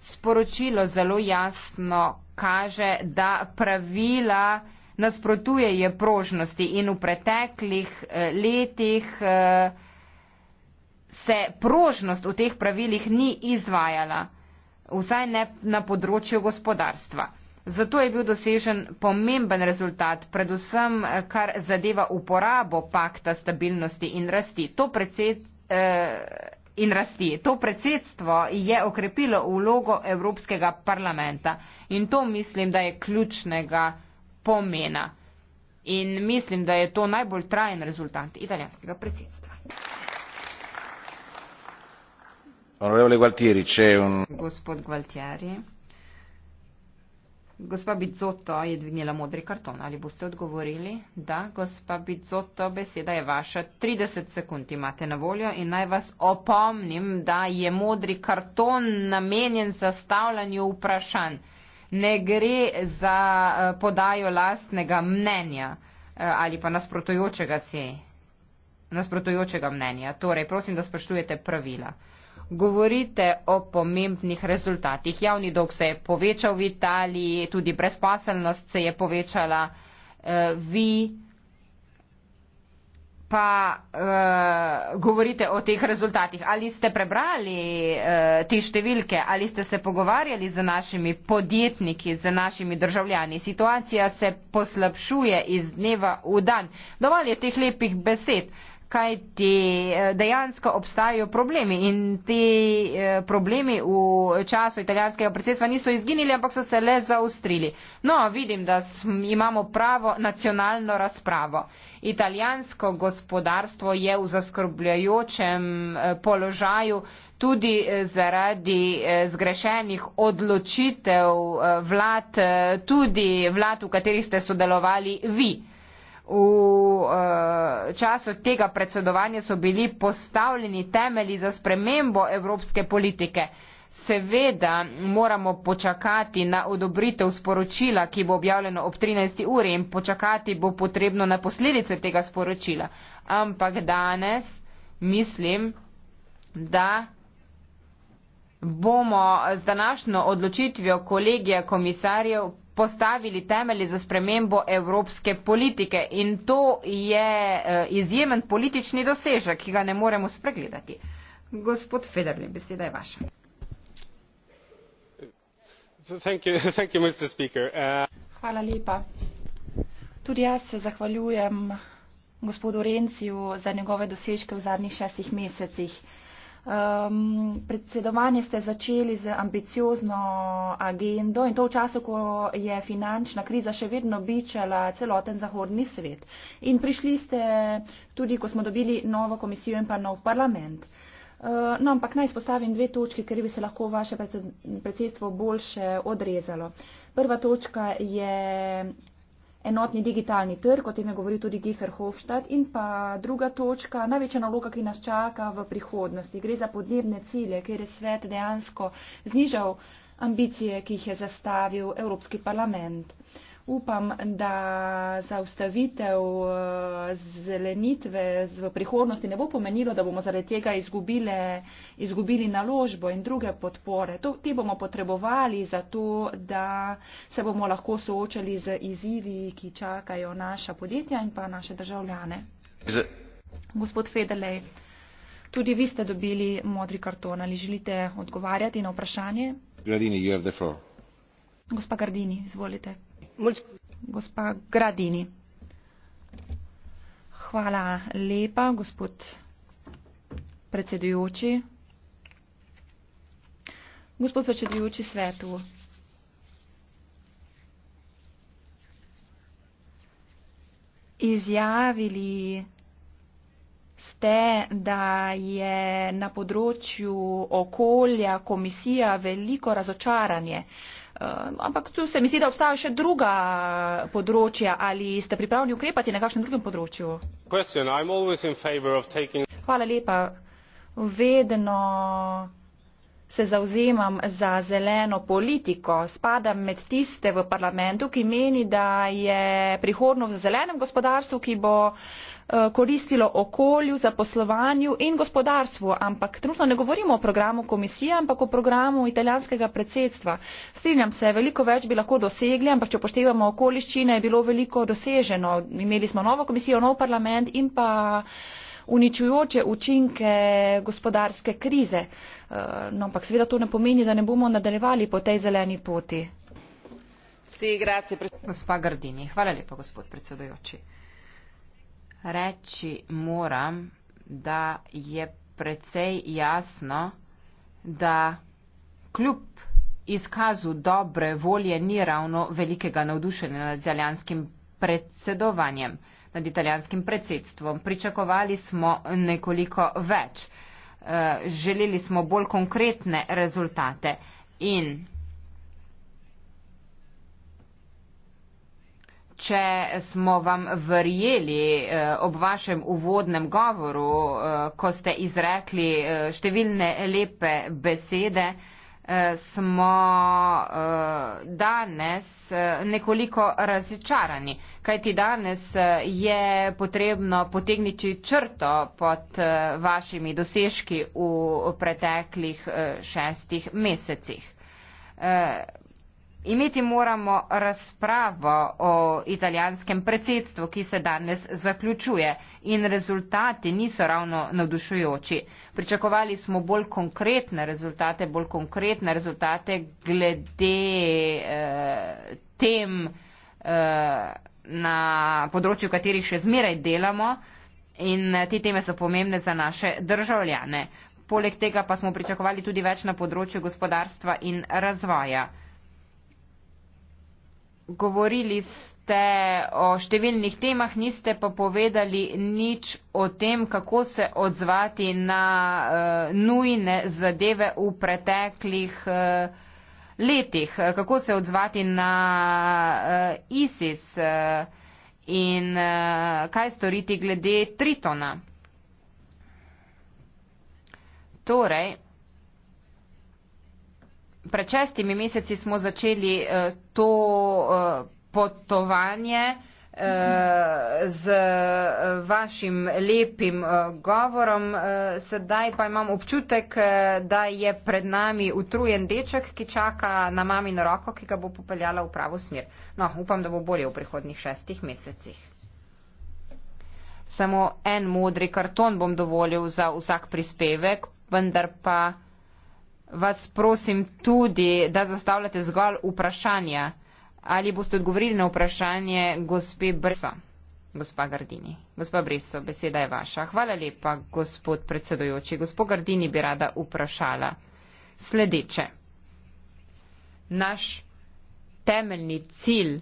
Sporočilo zelo jasno kaže, da pravila nasprotujejo prožnosti in v preteklih letih eh, se prožnost v teh pravilih ni izvajala, vsaj ne na področju gospodarstva. Zato je bil dosežen pomemben rezultat, predvsem eh, kar zadeva uporabo pakta stabilnosti in rasti. To predsed, eh, In rasti. To predsedstvo je okrepilo vlogo Evropskega parlamenta in to mislim, da je ključnega pomena. In mislim, da je to najbolj trajen rezultat italijanskega predsedstva. onorevole Gualtieri, c'è un. Gospod Gualtieri. Gospa Bizzotto je dvignila modri karton. Ali boste odgovorili? Da, gospa Bizzotto, beseda je vaša. 30 sekund imate na voljo in naj vas opomnim, da je modri karton namenjen zastavljanju vprašanj. Ne gre za eh, podajo lastnega mnenja eh, ali pa nasprotujočega se. Nasprotujočega mnenja. Torej, prosim, da spoštujete pravila govorite o pomembnih rezultatih. Javni dolg se je povečal v Italiji, tudi brezposelnost se je povečala. Eh, vi pa eh, govorite o teh rezultatih. Ali ste prebrali eh, te številke, ali ste se pogovarjali z našimi podjetniki, z našimi državljani? Situacija se poslabšuje iz dneva v dan. Dovolj je teh lepih besed kaj ti eh, dejansko obstajajo problemi in ti eh, problemi v času italijanskega predsedstva niso izginili, ampak so se le zaustrili. No, vidim, da imamo pravo nacionalno razpravo. Italijansko gospodarstvo je v zaskrbljajočem eh, položaju tudi zaradi zgrešenih odločitev vlad, tudi vlad, v katerih ste sodelovali vi. V uh, času tega predsedovanja so bili postavljeni temeli za spremembo evropske politike. Seveda moramo počakati na odobritev sporočila, ki bo objavljeno ob 13. uri in počakati bo potrebno na posledice tega sporočila. Ampak danes mislim, da bomo z današnjo odločitvijo kolegija komisarjev postavili temelji za spremembo evropske politike in to je e, izjemen politični dosežek, ki ga ne moremo spregledati. Gospod Federli, beseda je vaša. Thank you, thank you, Mr. Speaker. Uh... Hvala lepa. Tudi jaz se zahvaljujem gospodu Renciju za njegove dosežke v zadnjih šestih mesecih. Um, predsedovanje ste začeli z ambiciozno agendo in to v času, ko je finančna kriza še vedno bičala celoten zahodni svet. In prišli ste tudi, ko smo dobili novo komisijo in pa nov parlament. Ehm, no, ampak naj izpostavim dve točki, ker bi se lahko vaše predsedstvo boljše odrezalo. Prva točka je enotni digitalni trg, o tem je govoril tudi Gifer Hofstad. In pa druga točka, največja naloga, ki nas čaka v prihodnosti, gre za podnebne cilje, kjer je svet dejansko znižal ambicije, ki jih je zastavil Evropski parlament upam, da zaustavitev eh, zelenitve v prihodnosti ne bo pomenilo, da bomo zaradi tega izgubile, izgubili naložbo in druge podpore. To, te bomo potrebovali za to, da se bomo lahko soočali z izzivi, ki čakajo naša podjetja in pa naše državljane. Z Gospod Federlej, tudi vi ste dobili modri karton. Ali želite odgovarjati na vprašanje? Gradini, Gospa Gardini, izvolite. Hvala lepa, gospod predsedujoči. Gospod predsedujoči svetu. Izjavili ste, da je na področju okolja komisija veliko razočaranje. Uh, Ehm, ampak tu se mi zdi, da obstajajo še druga področja. Ali ste pripravljeni ukrepati na kakšnem drugem področju? Taking... Hvala lepa. Vedno se zauzemam za zeleno politiko. Spadam med tiste v parlamentu, ki meni, da je prihodnost v zelenem gospodarstvu, ki bo uh, Eh, koristilo okolju, zaposlovanju in gospodarstvu. Ampak trenutno ne govorimo o programu komisije, ampak o programu italijanskega predsedstva. Strinjam se, veliko več bi lahko dosegli, ampak če poštevamo okoliščine, je bilo veliko doseženo. Imeli smo novo komisijo, nov parlament in pa uničujoče učinke gospodarske krize. Eh, no, ampak seveda to ne pomeni, da ne bomo nadaljevali po tej zeleni poti. Si, grazie, pre... Gospa Gardini, hvala lepa, gospod predsedujoči. Reči moram, da je precej jasno, da kljub izkazu dobre volje ni ravno velikega navdušenja nad italijanskim predsedovanjem, nad italijanskim predsedstvom. Pričakovali smo nekoliko več. Eh, želeli smo bolj konkretne rezultate in če smo vam verjeli eh, ob vašem uvodnem govoru, eh, ko ste izrekli eh, številne lepe besede, smo danes nekoliko razčarani, kajti danes je potrebno potegniti črto pod vašimi dosežki v preteklih šestih mesecih. Imeti moramo razpravo o italijanskem predsedstvu, ki se danes zaključuje in rezultati niso ravno navdušujoči. Pričakovali smo bolj konkretne rezultate, bolj konkretne rezultate glede eh, tem eh, na področju, v katerih še zmeraj delamo in eh, te teme so pomembne za naše državljane. Poleg tega pa smo pričakovali tudi več na področju gospodarstva in razvoja govorili ste o številnih temah, niste pa povedali nič o tem, kako se odzvati na uh, nujne zadeve v preteklih uh, letih, kako se odzvati na uh, ISIS uh, in uh, kaj storiti glede Tritona. Torej, pred šestimi meseci smo začeli uh, to uh, potovanje uh, z vašim lepim uh, govorom. Uh, sedaj pa imam občutek, uh, da je pred nami utrujen deček, ki čaka na mami na roko, ki ga bo popeljala v pravo smer. No, upam, da bo bolje v prihodnih šestih mesecih. Samo en modri karton bom dovolil za vsak prispevek, vendar pa vas prosim tudi, da zastavljate zgolj vprašanja. Ali boste odgovorili na vprašanje gospe Brso, gospa Gardini? Gospa Brso, beseda je vaša. Hvala lepa, gospod predsedojoči. Gospod Gardini bi rada vprašala sledeče. Naš temeljni cilj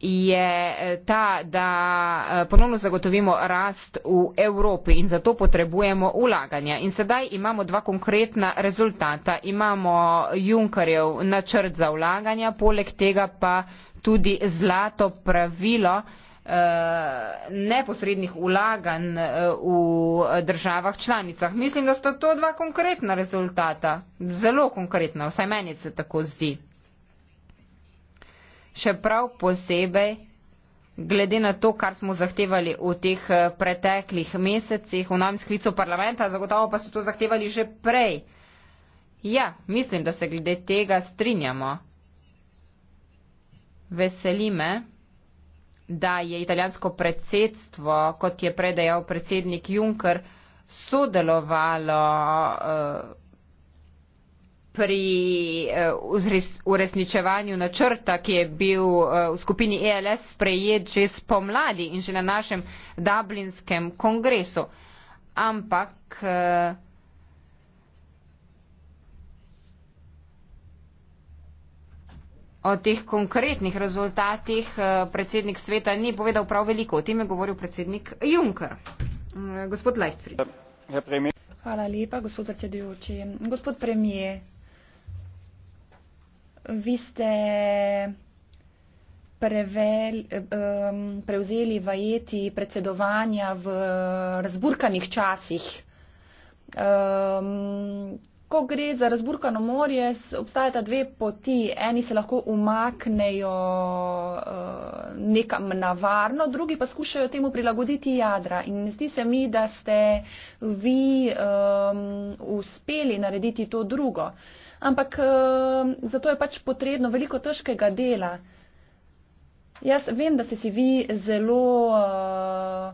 je eh, ta, da eh, ponovno zagotovimo rast v Evropi in zato potrebujemo ulaganja. In sedaj imamo dva konkretna rezultata. Imamo Junkerjev načrt za ulaganja, poleg tega pa tudi zlato pravilo eh, neposrednih ulaganj v državah članicah. Mislim, da sta to dva konkretna rezultata, zelo konkretna, vsaj meni se tako zdi še prav posebej glede na to, kar smo zahtevali v teh eh, preteklih mesecih v nam sklicu parlamenta, zagotovo pa so to zahtevali že prej. Ja, mislim, da se glede tega strinjamo. Veseli me, da je italijansko predsedstvo, kot je predajal predsednik Juncker, sodelovalo. Uh, pri eh, uresničevanju načrta, ki je bil eh, v skupini ELS sprejet že spomladi in že na našem Dublinskem kongresu. Ampak eh, o teh konkretnih rezultatih predsednik sveta ni povedal prav veliko. O tem je govoril predsednik Juncker. Gospod Leichtfried. Hvala lepa, gospod predsedujoči. Gospod premije, vi ste prevel, um, prevzeli vajeti predsedovanja v razburkanih časih. Um, ko gre za razburkano morje, obstajata dve poti. Eni se lahko umaknejo uh, nekam na varno, drugi pa skušajo temu prilagoditi jadra. In zdi se mi, da ste vi um, uspeli narediti to drugo. Uh, ampak eh, zato je pač potrebno veliko težkega dela. Jaz vem, da ste si vi zelo eh,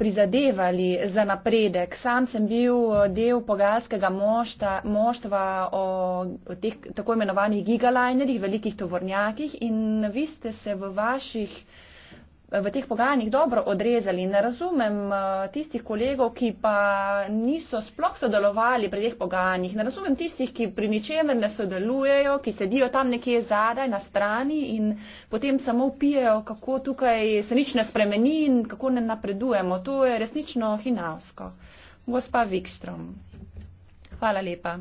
prizadevali za napredek. Sam sem bil eh, del pogalskega mošta, moštva o, o teh tako imenovanih gigalinerjih, velikih tovornjakih in vi ste se v vaših v teh pogajanjih dobro odrezali. Ne razumem eh, tistih kolegov, ki pa niso sploh sodelovali pri teh pogajanjih. Ne razumem tistih, ki pri ničemer ne sodelujejo, ki sedijo tam nekje zadaj na strani in potem samo upijajo, kako tukaj se nič ne spremeni in kako ne napredujemo. To je resnično hinavsko. Gospa Vikstrom. Hvala lepa.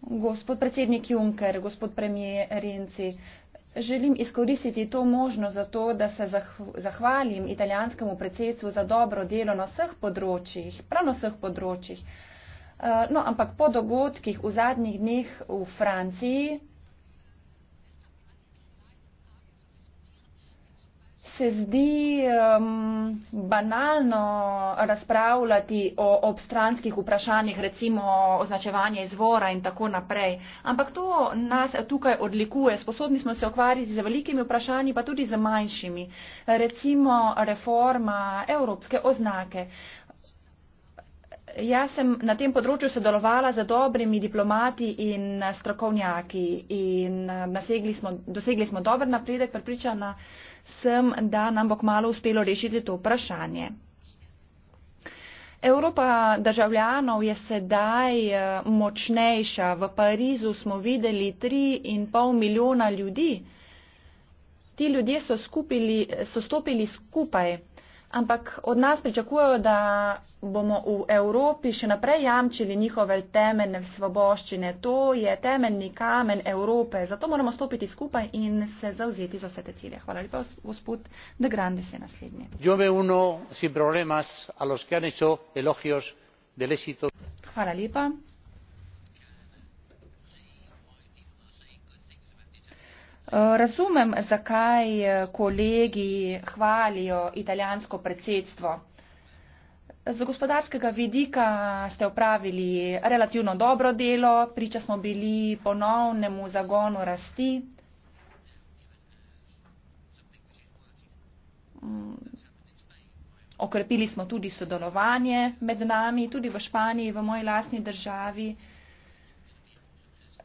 Gospod predsednik Juncker, gospod premijer Renci. Želim izkoristiti to možnost za to, da se zahvalim italijanskemu predsedstvu za dobro delo na vseh področjih, prav na vseh področjih. Eh, no, ampak po dogodkih v zadnjih dneh v Franciji, se zdi um, banalno razpravljati o obstranskih vprašanjih, recimo označevanje izvora in tako naprej. Ampak to nas tukaj odlikuje. Sposobni smo se okvariti z velikimi vprašanji, pa tudi z manjšimi. Recimo reforma evropske oznake. Jaz sem na tem področju sodelovala z dobrimi diplomati in strokovnjaki in smo, dosegli smo dober napredek, pripričana. Na sem, da nam bo kmalo uspelo rešiti to vprašanje. Evropa državljanov je sedaj eh, močnejša. V Parizu smo videli 3,5 milijona ljudi. Ti ljudje so, skupili, so stopili skupaj ampak od nas pričakujejo, da bomo v Evropi še naprej jamčili njihove temeljne svoboščine. To je temeljni kamen Evrope, zato moramo stopiti skupaj in se zauzeti za vse te cilje. Hvala lepa, gospod De Grande, se naslednji. Hvala lepa. Razumem, zakaj eh, kolegi hvalijo italijansko predsedstvo. Z gospodarskega vidika ste opravili relativno dobro delo, priča smo bili ponovnemu zagonu rasti. Mm. Okrepili smo tudi sodelovanje med nami, tudi v Španiji, v moji lastni državi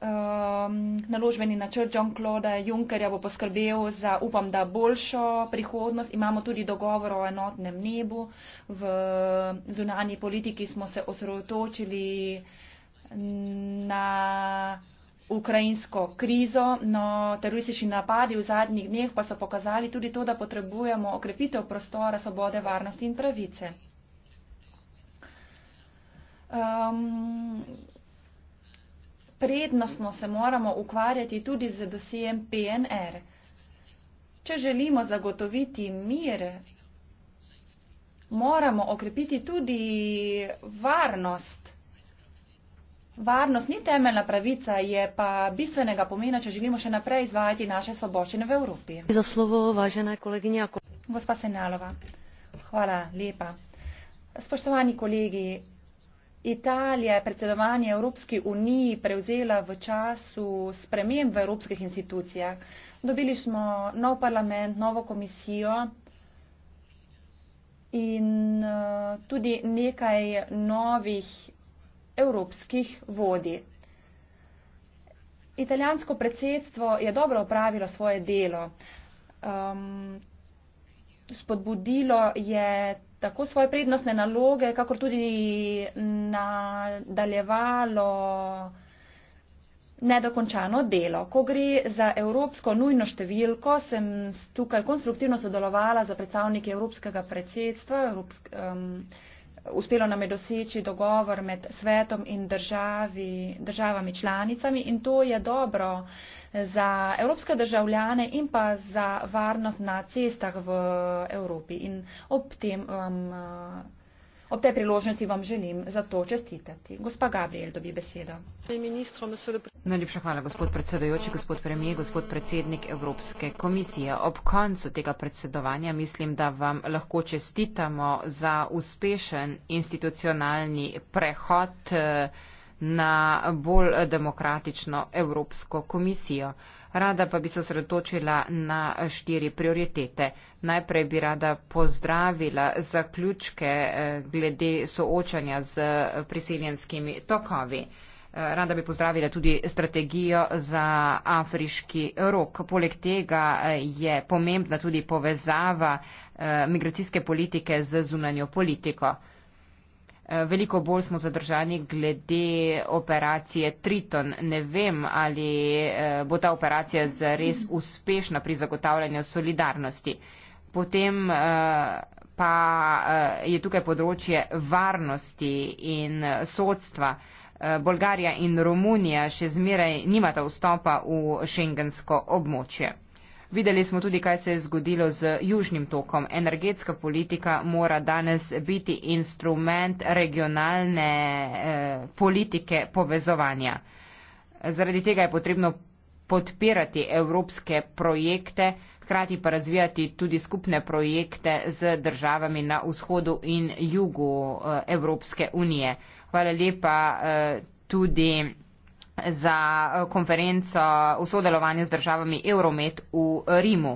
um, naložbeni načrt Jean-Claude Junckerja bo poskrbel za, upam, da boljšo prihodnost. Imamo tudi dogovor o enotnem nebu. V zunanji politiki smo se osredotočili na ukrajinsko krizo, no teroristični napadi v zadnjih dneh pa so pokazali tudi to, da potrebujemo okrepitev prostora svobode, varnosti in pravice. Um, prednostno se moramo ukvarjati tudi z dosijem PNR. Če želimo zagotoviti mir, moramo okrepiti tudi varnost. Varnost ni temeljna pravica, je pa bistvenega pomena, če želimo še naprej izvajati naše svoboščine v Evropi. Za slovo, važena je koleginja. Gospa Senalova, hvala lepa. Spoštovani kolegi, Italija je predsedovanje Evropski uniji prevzela v času sprememb v evropskih institucijah. Dobili smo nov parlament, novo komisijo in eh, tudi nekaj novih evropskih vodi. Italijansko predsedstvo je dobro opravilo svoje delo. Um, spodbudilo je tako svoje prednostne naloge, kakor tudi nadaljevalo nedokončano delo. Ko gre za evropsko nujno številko, sem tukaj konstruktivno sodelovala za predstavnike Evropskega predsedstva, Evropske, um, uspelo nam je doseči dogovor med svetom in državi, državami članicami in to je dobro za evropske državljane in pa za varnost na cestah v Evropi. In ob tem vam um, Ob tej priložnosti vam želim za to čestitati. Gospa Gabriel dobi besedo. Najlepša hvala, gospod predsedujoči, gospod premije, gospod predsednik Evropske komisije. Ob koncu tega predsedovanja mislim, da vam lahko čestitamo za uspešen institucionalni prehod. Eh, na bolj demokratično Evropsko komisijo. Rada pa bi se osredotočila na štiri prioritete. Najprej bi rada pozdravila zaključke eh, glede soočanja z priseljenskimi tokovi. Eh, rada bi pozdravila tudi strategijo za afriški rok. Poleg tega eh, je pomembna tudi povezava migracijske politike z zunanjo politiko. Veliko bolj smo zadržani glede operacije Triton. Ne vem, ali eh, bo ta operacija zares uspešna pri zagotavljanju solidarnosti. Potem eh, pa eh, je tukaj področje varnosti in sodstva. Bolgarija in Romunija še zmeraj nimata vstopa v šengensko območje. Videli smo tudi, kaj se je zgodilo z južnim tokom. Energetska politika mora danes biti instrument regionalne eh, politike povezovanja. Zaradi tega je potrebno podpirati evropske projekte, hkrati pa razvijati tudi skupne projekte z državami na vzhodu in jugu eh, Evropske unije. Hvala lepa eh, tudi za eh, konferenco v sodelovanju z državami Euromed v eh, Rimu.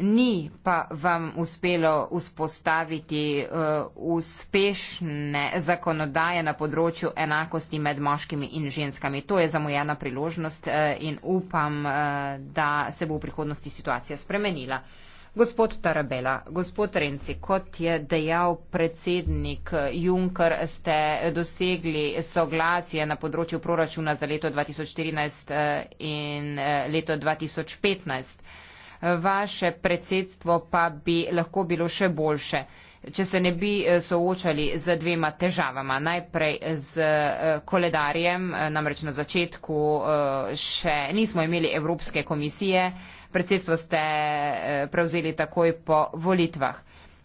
Ni pa vam uspelo vzpostaviti eh, uspešne zakonodaje na področju enakosti med moškimi in ženskami. To je zamujena priložnost in upam, da se bo v prihodnosti situacija spremenila. Gospod Tarabela, gospod Renci, kot je dejal predsednik Juncker, ste dosegli soglasje na področju proračuna za leto 2014 eh, in eh, leto 2015. Vaše predsedstvo pa bi lahko bilo še boljše, če se ne bi eh, soočali z dvema težavama. Najprej z koledarjem, namreč na začetku še nismo imeli Evropske komisije predsedstvo ste eh, prevzeli takoj po volitvah.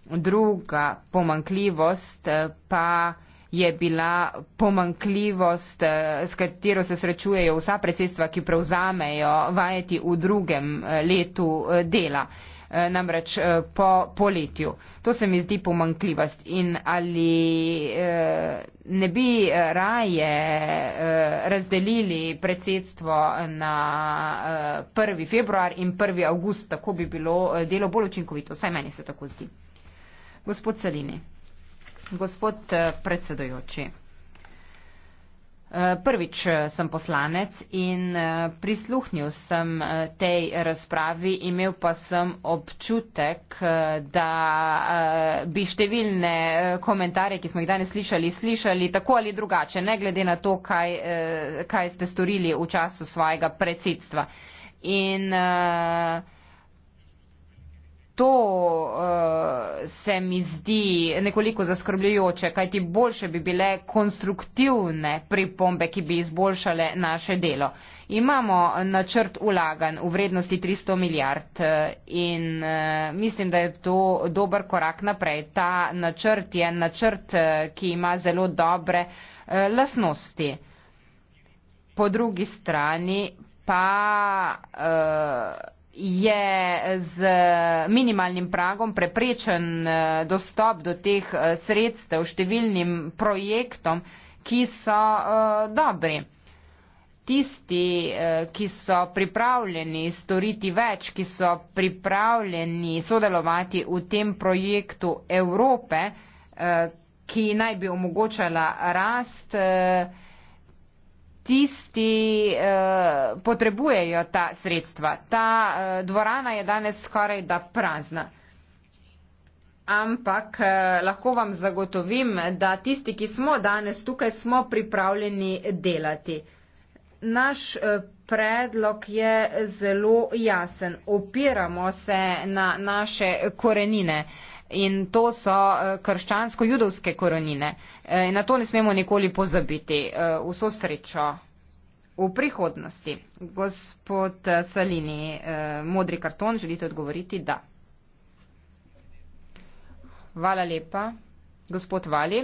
Druga pomankljivost eh, pa je bila pomankljivost, eh, s katero se srečujejo vsa predsedstva, ki prevzamejo vajeti v drugem letu dela. Eh, namreč eh, po poletju. To se mi zdi pomankljivost in ali eh, ne bi raje razdelili predsedstvo na 1. februar in 1. avgust, tako bi bilo delo bolj učinkovito, vsaj meni se tako zdi. Gospod Salini, gospod predsedojoči. Eh, prvič eh, sem poslanec in eh, prisluhnil sem tej razpravi, imel pa sem občutek, da bi številne komentarje, ki smo jih danes slišali, slišali tako ali drugače, ne glede na to, kaj, kaj ste storili v času svojega predsedstva. In uh, To uh, se mi zdi nekoliko zaskrbljujoče, kajti boljše bi bile konstruktivne pripombe, ki bi izboljšale naše delo. Imamo načrt ulagan v vrednosti 300 milijard eh, in uh, mislim, da je to dober korak naprej. Ta načrt je načrt, ki ima zelo dobre uh, lasnosti. Po drugi strani pa. Uh, je z minimalnim pragom preprečen eh, dostop do teh eh, sredstev številnim projektom, ki so eh, dobri. Tisti, ki so pripravljeni storiti več, ki so pripravljeni sodelovati v tem projektu Evrope, ki naj bi omogočala rast, tisti eh, potrebujejo ta sredstva. Ta eh, dvorana je danes skoraj da prazna. Ampak eh, lahko vam zagotovim, da tisti, ki smo danes tukaj, smo pripravljeni delati. Naš predlog je zelo jasen. Opiramo se na naše korenine. Uh, in to so eh, krščansko-judovske korenine. Eh, na to ne smemo nikoli pozabiti. Eh, vso srečo v prihodnosti. Gospod Salini, modri karton, želite odgovoriti? Da. Hvala lepa. Gospod Vali,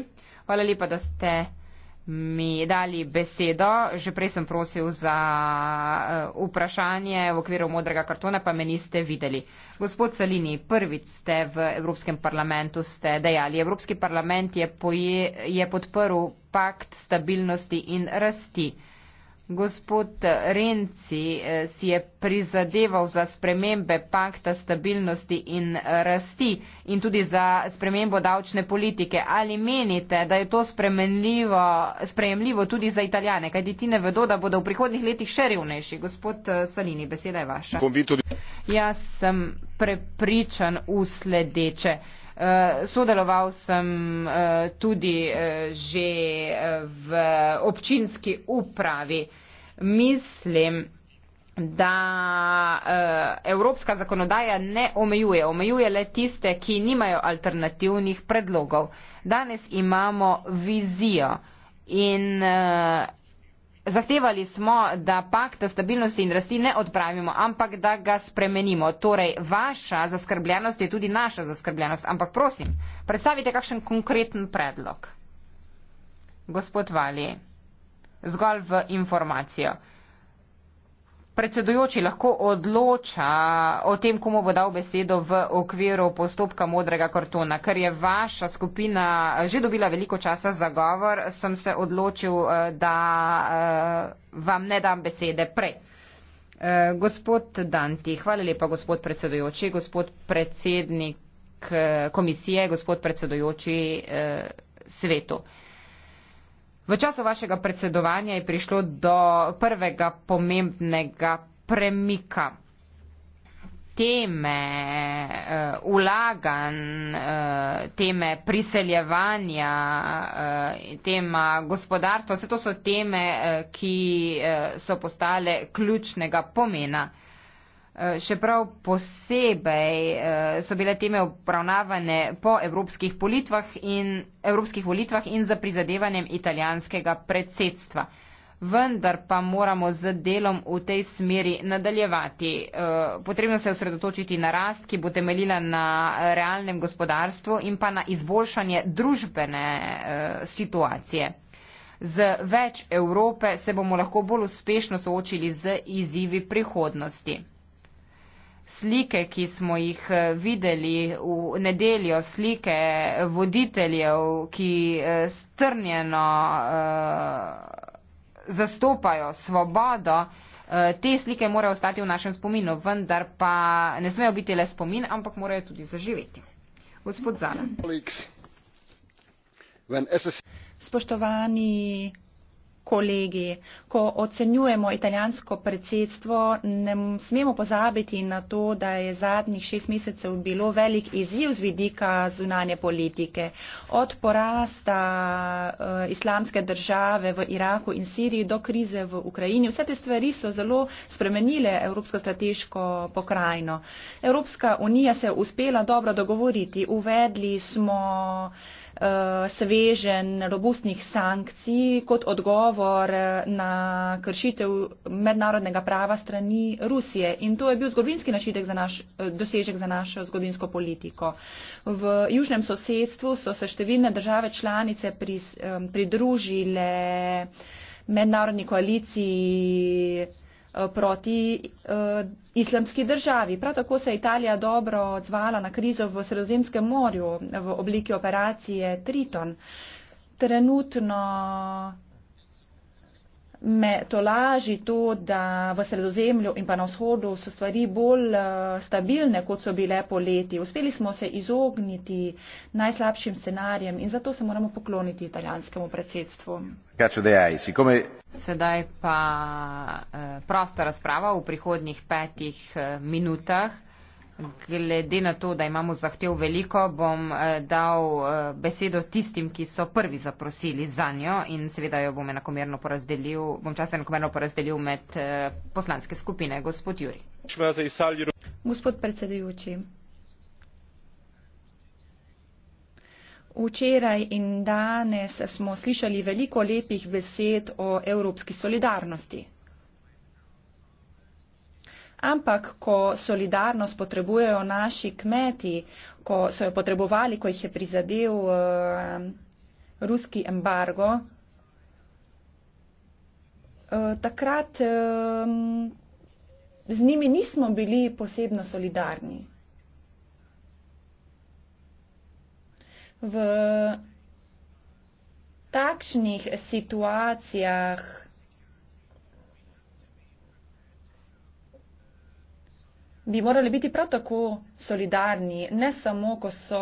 hvala lepa, da ste mi dali besedo. Že prej sem prosil za eh, vprašanje v okviru modrega kartona, pa me niste videli. Gospod Salini, prvič ste v Evropskem parlamentu, ste dejali, Evropski parlament je, poje, je podprl pakt stabilnosti in rasti. Gospod Renci eh, si je prizadeval za spremembe pakta stabilnosti in rasti in tudi za spremembo davčne politike. Ali menite, da je to sprejemljivo tudi za italijane? Kaj ti ne vedo, da bodo v prihodnih letih še revnejši? Gospod eh, Salini, beseda je vaša. Jaz sem prepričan v sledeče. Eh, sodeloval sem tudi že v občinski upravi mislim, da uh, evropska zakonodaja ne omejuje, omejuje le tiste, ki nimajo alternativnih predlogov. Danes imamo vizijo in uh, zahtevali smo, da pakta stabilnosti in rasti ne odpravimo, ampak da ga spremenimo. Torej, vaša zaskrbljenost je tudi naša zaskrbljenost, ampak prosim, predstavite kakšen konkreten predlog. Gospod Vali zgolj v informacijo. Predsedujoči lahko odloča o tem, komu bo dal besedo v okviru postopka modrega kartona. Ker je vaša skupina eh, že dobila veliko časa za govor, sem se odločil, eh, da eh, vam ne dam besede prej. Gospod Danti, hvala lepa, gospod predsedujoči, gospod predsednik komisije, gospod predsedujoči svetu. V času vašega predsedovanja je prišlo do prvega pomembnega premika. Teme uh, ulaganj, uh, teme priseljevanja, uh, tema gospodarstva, vse to so teme, uh, ki uh, so postale ključnega pomena. Uh, Eh, še prav posebej eh, so bile teme obravnavane po evropskih, in, evropskih volitvah in za prizadevanjem italijanskega predsedstva. Vendar pa moramo z delom v tej smeri nadaljevati. Eh, potrebno se je osredotočiti na rast, ki bo temeljila na realnem gospodarstvu in pa na izboljšanje družbene situacije. Z več Evrope se bomo lahko bolj uspešno soočili z izzivi prihodnosti slike, ki smo jih eh, videli v nedeljo, slike voditeljev, ki eh, strnjeno uh, zastopajo svobodo, uh, te slike morajo ostati v našem spominu, vendar pa ne smejo biti le spomin, ampak morajo tudi zaživeti. Gospod Zala. Spoštovani kolegi. Ko ocenjujemo italijansko predsedstvo, ne smemo pozabiti na to, da je zadnjih šest mesecev bilo velik izziv z vidika zunanje politike. Od porasta uh, islamske države v Iraku in Siriji do krize v Ukrajini, vse te stvari so zelo spremenile Evropsko strateško pokrajino. Evropska unija se je uspela dobro dogovoriti. Uvedli smo uh, Eh, svežen robustnih sankcij kot odgovor eh, na kršitev mednarodnega prava strani Rusije. In to je bil zgodovinski načitek za naš, eh, dosežek za našo zgodovinsko politiko. V južnem sosedstvu so se številne države članice pris, pridružile mednarodni koaliciji Eh, proti eh, islamski državi. Prav tako se je Italija dobro odzvala na krizo v Sredozemskem morju v obliki operacije Triton. Trenutno me tolaži to, da v sredozemlju in pa na vzhodu so stvari bolj eh, stabilne, kot so bile poleti. Uspeli smo se izogniti najslabšim scenarijem in zato se moramo pokloniti italijanskemu predsedstvu. Sedaj pa eh, prosta razprava v prihodnjih petih eh, minutah glede na to, da imamo zahtev veliko, bom eh, dal eh, besedo tistim, ki so prvi zaprosili za njo in seveda jo bom, porazdelil, bom čas enakomerno porazdelil med eh, poslanske skupine. Gospod Juri. Gospod predsedujoči. Včeraj in danes smo slišali veliko lepih besed o evropski solidarnosti ampak ko solidarnost potrebujejo naši kmeti, ko so jo potrebovali, ko jih je prizadel uh, ruski embargo, uh, takrat um, z njimi nismo bili posebno solidarni. V takšnih situacijah bi morali biti prav tako solidarni, ne samo, ko so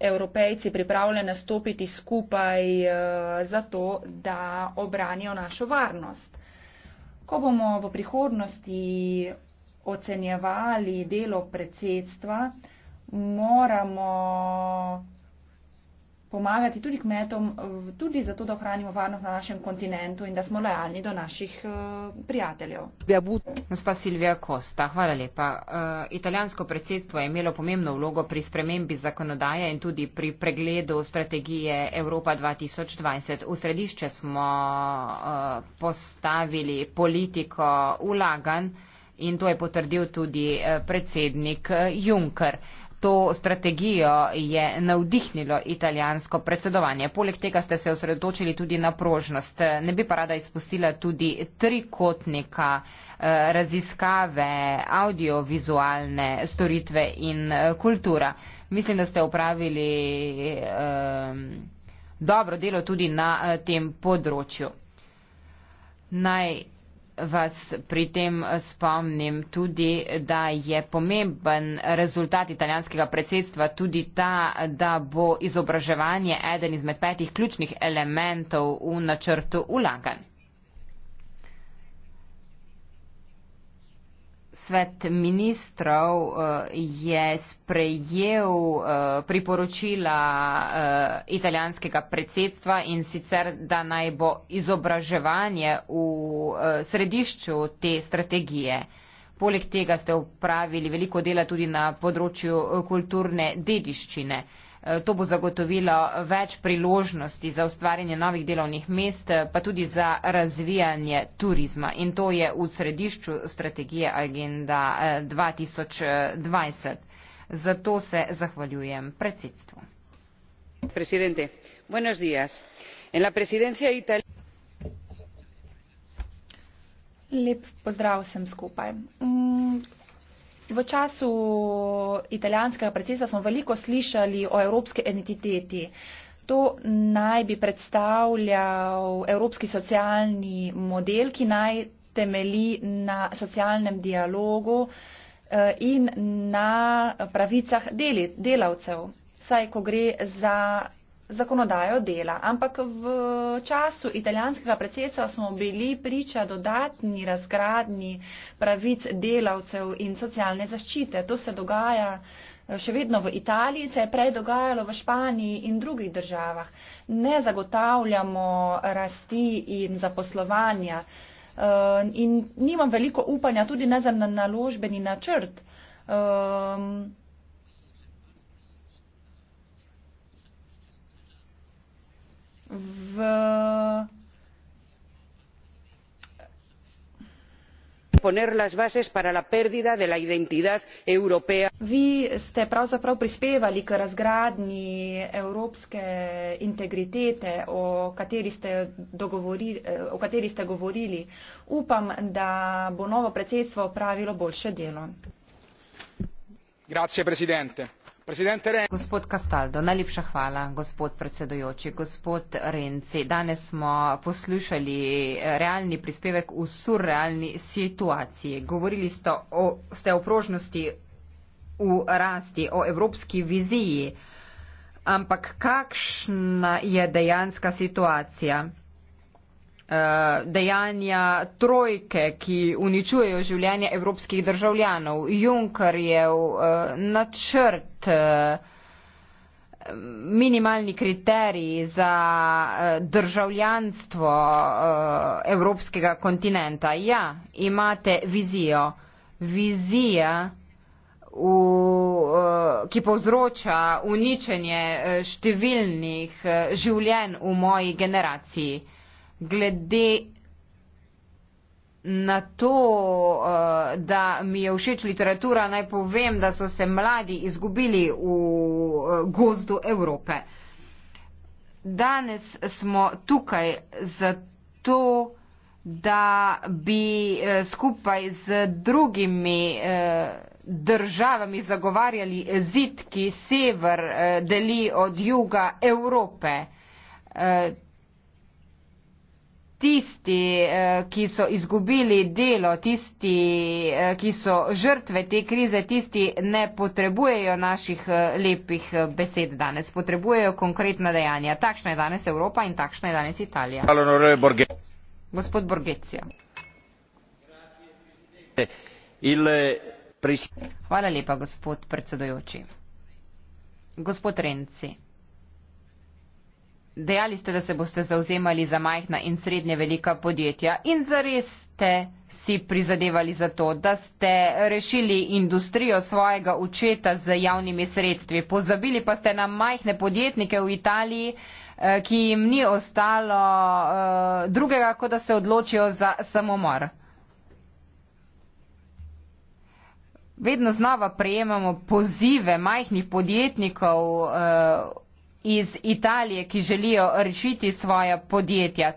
evropejci pripravljeni stopiti skupaj eh, za to, da obranijo našo varnost. Ko bomo v prihodnosti ocenjevali delo predsedstva, moramo pomagati tudi kmetom, tudi zato, da ohranimo varnost na našem kontinentu in da smo lojalni do naših eh, prijateljev. Gospa Silvija Kosta, hvala lepa. Eh, italijansko predsedstvo je imelo pomembno vlogo pri spremembi zakonodaje in tudi pri pregledu strategije Evropa 2020. V središče smo eh, postavili politiko ulagan in to je potrdil tudi predsednik Juncker. To strategijo je navdihnilo italijansko predsedovanje. Poleg tega ste se osredotočili tudi na prožnost. Ne bi pa rada izpustila tudi trikotnika eh, raziskave, audiovizualne storitve in eh, kultura. Mislim, da ste upravili um, eh, dobro delo tudi na tem področju. Naj vas pri tem spomnim tudi, da je pomemben rezultat italijanskega predsedstva tudi ta, da bo izobraževanje eden izmed petih ključnih elementov v načrtu ulaganj. svet ministrov eh, je sprejel eh, priporočila eh, italijanskega predsedstva in sicer, da naj bo izobraževanje v središču te strategije. Poleg tega ste upravili veliko dela tudi na področju kulturne dediščine. Eh, to bo zagotovilo več priložnosti za ustvarjanje novih delovnih mest, eh, pa tudi za razvijanje turizma. In to je v središču strategije Agenda 2020. Eh, Zato se zahvaljujem predsedstvu. Lep pozdrav vsem skupaj. Mm, V času italijanskega predsedstva smo veliko slišali o evropski entiteti. To naj bi predstavljal evropski socialni model, ki naj temeli na socialnem dialogu eh, in na pravicah deli, delavcev. Saj, ko gre za zakonodajo dela, ampak v času italijanskega predsedstva smo bili priča dodatni razgradni pravic delavcev in socialne zaščite. To se dogaja eh, še vedno v Italiji, se je prej dogajalo v Španiji in drugih državah. Ne zagotavljamo rasti in zaposlovanja eh, in nimam veliko upanja tudi ne za naložbeni načrt. Ehm, v. poner las bases para la pérdida de la identidad europea. Vi ste pravzaprav prispevali k razgradnji evropske integritete, o kateri, o kateri ste govorili. Upam, da bo novo predsedstvo opravilo boljše delo. Grazie, presidente. Gospod Castaldo, najlepša hvala, gospod predsedujoči, gospod Renci. Danes smo poslušali eh, realni prispevek v surrealni situaciji. Govorili ste o, ste o prožnosti v rasti, o evropski viziji, ampak kakšna je dejanska situacija? Eh, dejanja trojke, ki uničujejo življenje evropskih državljanov, Junkerjev eh, načrt, eh, minimalni kriteriji za državljanstvo evropskega kontinenta. Ja, imate vizijo. Vizija, v, ki povzroča uničenje številnih življenj v moji generaciji glede na to, eh, da mi je všeč literatura, naj povem, da so se mladi izgubili v eh, gozdu Evrope. Danes smo tukaj zato, da bi eh, skupaj z drugimi državami zagovarjali zid, ki sever deli od juga Evrope tisti, eh, ki so izgubili delo, tisti, eh, ki so žrtve te krize, tisti ne potrebujejo naših eh, lepih besed danes, potrebujejo konkretna dejanja. Takšna je danes Evropa in takšna je danes Italija. Gospod Borgecija. Hvala lepa, gospod predsedojoči. Gospod Renci. Dejali ste, da se boste zauzemali za majhna in srednje velika podjetja in zares ste si prizadevali za to, da ste rešili industrijo svojega učeta z javnimi sredstvi. Pozabili pa ste na majhne podjetnike v Italiji, eh, ki jim ni ostalo eh, drugega, kot da se odločijo za samomor. Vedno znova prejemamo pozive majhnih podjetnikov eh, iz Italije, ki želijo rešiti svoja podjetja.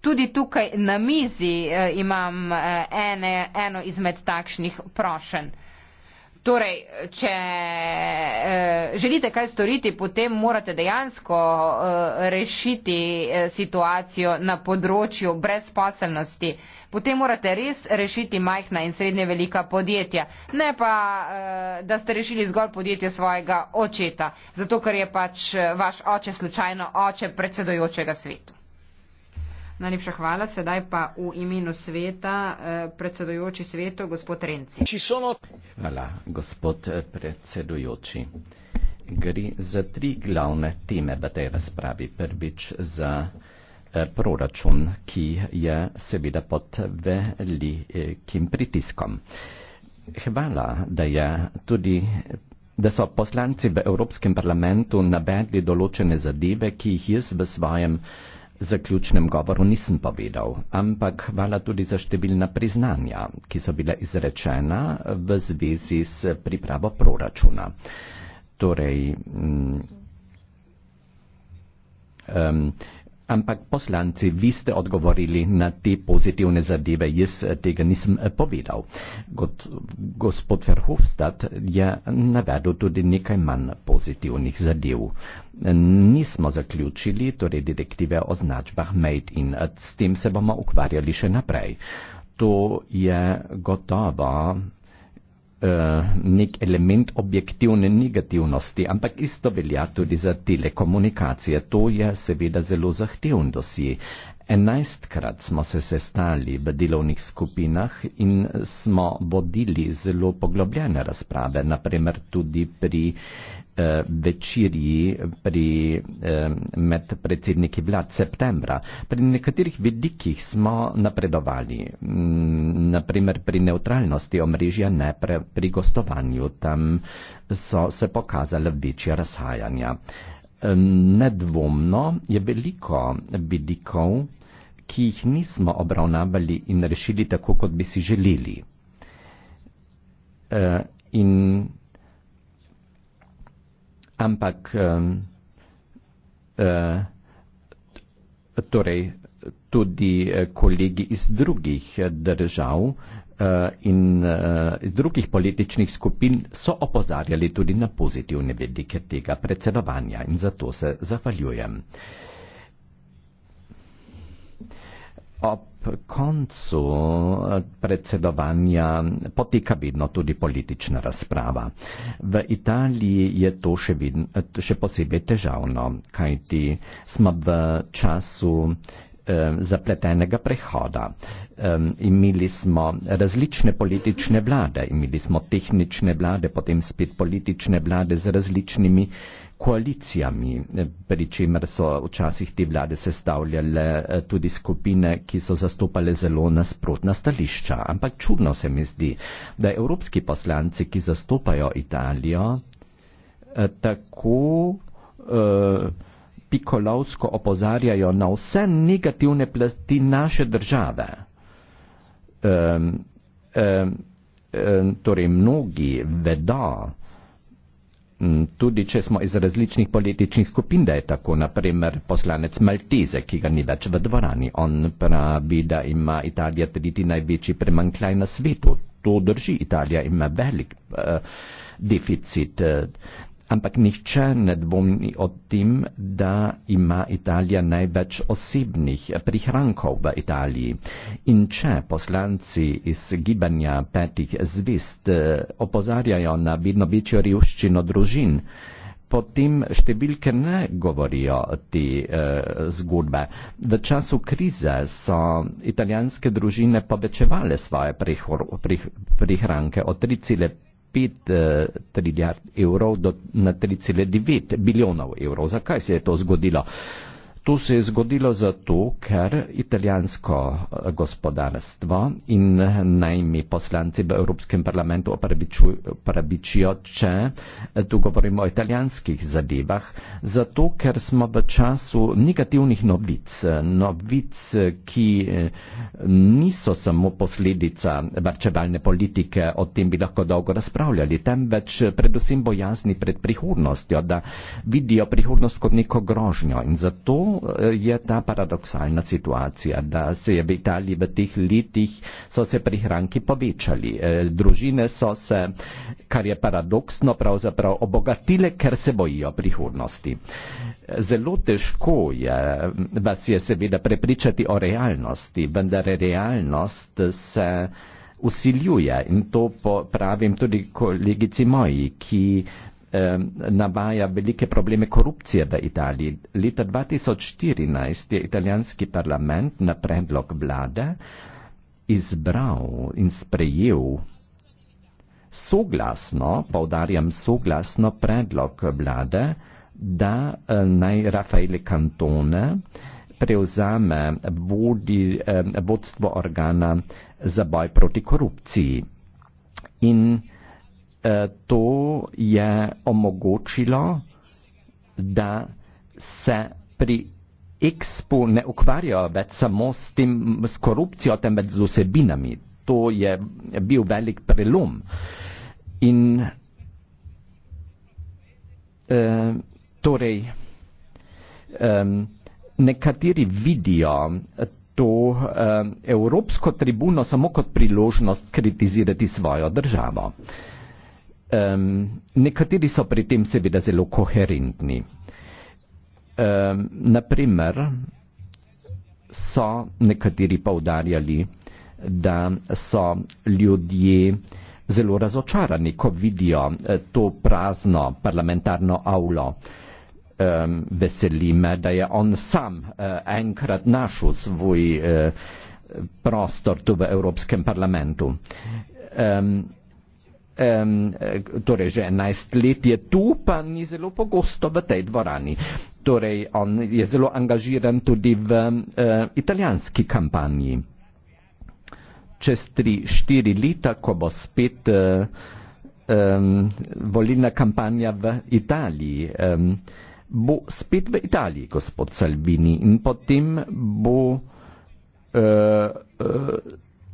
Tudi tukaj na mizi eh, imam eh, ene, eno izmed takšnih prošen. Torej, če eh, želite kaj storiti, potem morate dejansko eh, rešiti eh, situacijo na področju brezposelnosti. Potem morate res rešiti majhna in srednje velika podjetja. Ne pa, da ste rešili zgolj podjetje svojega očeta, zato ker je pač vaš oče slučajno oče predsedojočega svetu. Najlepša hvala. Sedaj pa v imenu sveta, eh, predsedujoči svetu, gospod Renci. Hvala, gospod eh, predsedujoči. Gre za tri glavne teme v tej razpravi. Prvič za eh, proračun, ki je seveda pod velikim pritiskom. Hvala, da, tudi, da so poslanci v Evropskem parlamentu navedli določene zadeve, ki jih jaz v svojem zaključnem govoru nisem povedal, ampak hvala tudi za številna priznanja, ki so bila izrečena v zvezi s pripravo proračuna. Torej, um, ampak poslanci, vi ste odgovorili na te pozitivne zadeve, jaz eh, tega nisem eh, povedal. Kot gospod Verhofstadt je navedel tudi nekaj manj pozitivnih zadev. Nismo zaključili torej direktive o značbah Made in eh, s tem se bomo ukvarjali še naprej. To je gotovo Eh, nek element objektivne negativnosti, ampak isto velja tudi za telekomunikacije. To je seveda zelo zahteven dosi. Enajstkrat smo se sestali v delovnih skupinah in smo vodili zelo poglobljene razprave, naprimer tudi pri eh, večerji pri, eh, med predsedniki vlad septembra. Pri nekaterih vidikih smo napredovali, mm, naprimer pri neutralnosti omrežja ne, pre, pri gostovanju tam so se pokazale večje razhajanja. Nedvomno je veliko vidikov, ki jih nismo obravnavali in rešili tako, kot bi si želeli. Uh, in, ampak, um, uh, torej, tudi eh, kolegi iz drugih držav uh, in uh, iz drugih političnih skupin so opozarjali tudi na pozitivne vedike tega predsedovanja in zato se zahvaljujem. Uh, ob koncu eh, predsedovanja poteka vedno tudi politična razprava. V Italiji je to še, vidno, eh, še posebej težavno, kajti smo v času eh, zapletenega prehoda. Um, imeli smo različne politične vlade, imeli smo tehnične vlade, potem spet politične vlade z različnimi uh, koalicijami, pri čemer so včasih te vlade sestavljale eh, tudi skupine, ki so zastopale zelo nasprotna stališča. Ampak čudno se mi zdi, da evropski poslanci, ki zastopajo Italijo, eh, tako eh, pikolovsko opozarjajo na vse negativne plati naše države. Eh, eh, torej, mnogi vedo, Mm, tudi če smo iz različnih političnih skupin, da je tako, naprimer poslanec Maltize, ki ga ni več v dvorani, on pravi, da ima Italija tretji največji premankljaj na svetu. To drži, Italija ima velik uh, deficit. Uh, Ampak nihče ne dvomi o tem, da ima Italija največ osebnih prihrankov v Italiji. In če poslanci iz gibanja petih zvest eh, opozarjajo na vedno večjo revščino družin, potem številke ne govorijo te eh, zgodbe. V času krize so italijanske družine povečevale svoje prihor, prih, prihranke o 3,5. 5 eh, trilijard evrov do, na 3,9 bilijonov evrov. Zakaj se je to zgodilo? To se je zgodilo zato, ker italijansko eh, gospodarstvo in eh, najmi poslanci v Evropskem parlamentu opravičijo, če eh, tu govorimo o italijanskih zadevah, zato ker smo v času negativnih novic, novic, ki niso samo posledica varčevalne politike, o tem bi lahko dolgo razpravljali, temveč predvsem bojazni pred prihodnostjo, da vidijo prihodnost kot neko grožnjo in zato Eh, je ta paradoksalna situacija, da se je v Italiji v teh letih so se prihranki povečali. Eh, družine so se, kar je paradoksno, pravzaprav obogatile, ker se bojijo prihodnosti. Zelo težko je mm, vas je seveda prepričati o realnosti, vendar realnost se usiljuje in to pravim tudi kolegici moji, ki Ehm, navaja velike probleme korupcije v Italiji. Leta 2014 je italijanski parlament na predlog vlade izbral in sprejel soglasno, povdarjam soglasno, predlog vlade, da eh, naj Rafaele Cantone preuzame vodi, eh, vodstvo organa za boj proti korupciji. In Eh, to je omogočilo, da se pri Expo ne ukvarjajo več samo s, tem, s korupcijo, temveč z osebinami. To je bil velik prelom. In eh, torej, eh, nekateri vidijo to eh, evropsko tribuno samo kot priložnost kritizirati svojo državo. Eh, Um, nekateri so pri tem seveda zelo koherentni. Um, naprimer, so nekateri povdarjali, da so ljudje zelo razočarani, ko vidijo eh, to prazno parlamentarno avlo. Um, veseli me, da je on sam uh, enkrat našel svoj uh, prostor tu v Evropskem parlamentu. Um, um, torej že 11 let je tu, pa ni zelo pogosto v tej dvorani. Torej, on je zelo angažiran tudi v uh, italijanski kampanji. Čez 3-4 leta, ko bo spet uh, um, volilna kampanja v Italiji, um, bo spet v Italiji gospod Salvini in potem bo. Uh, uh,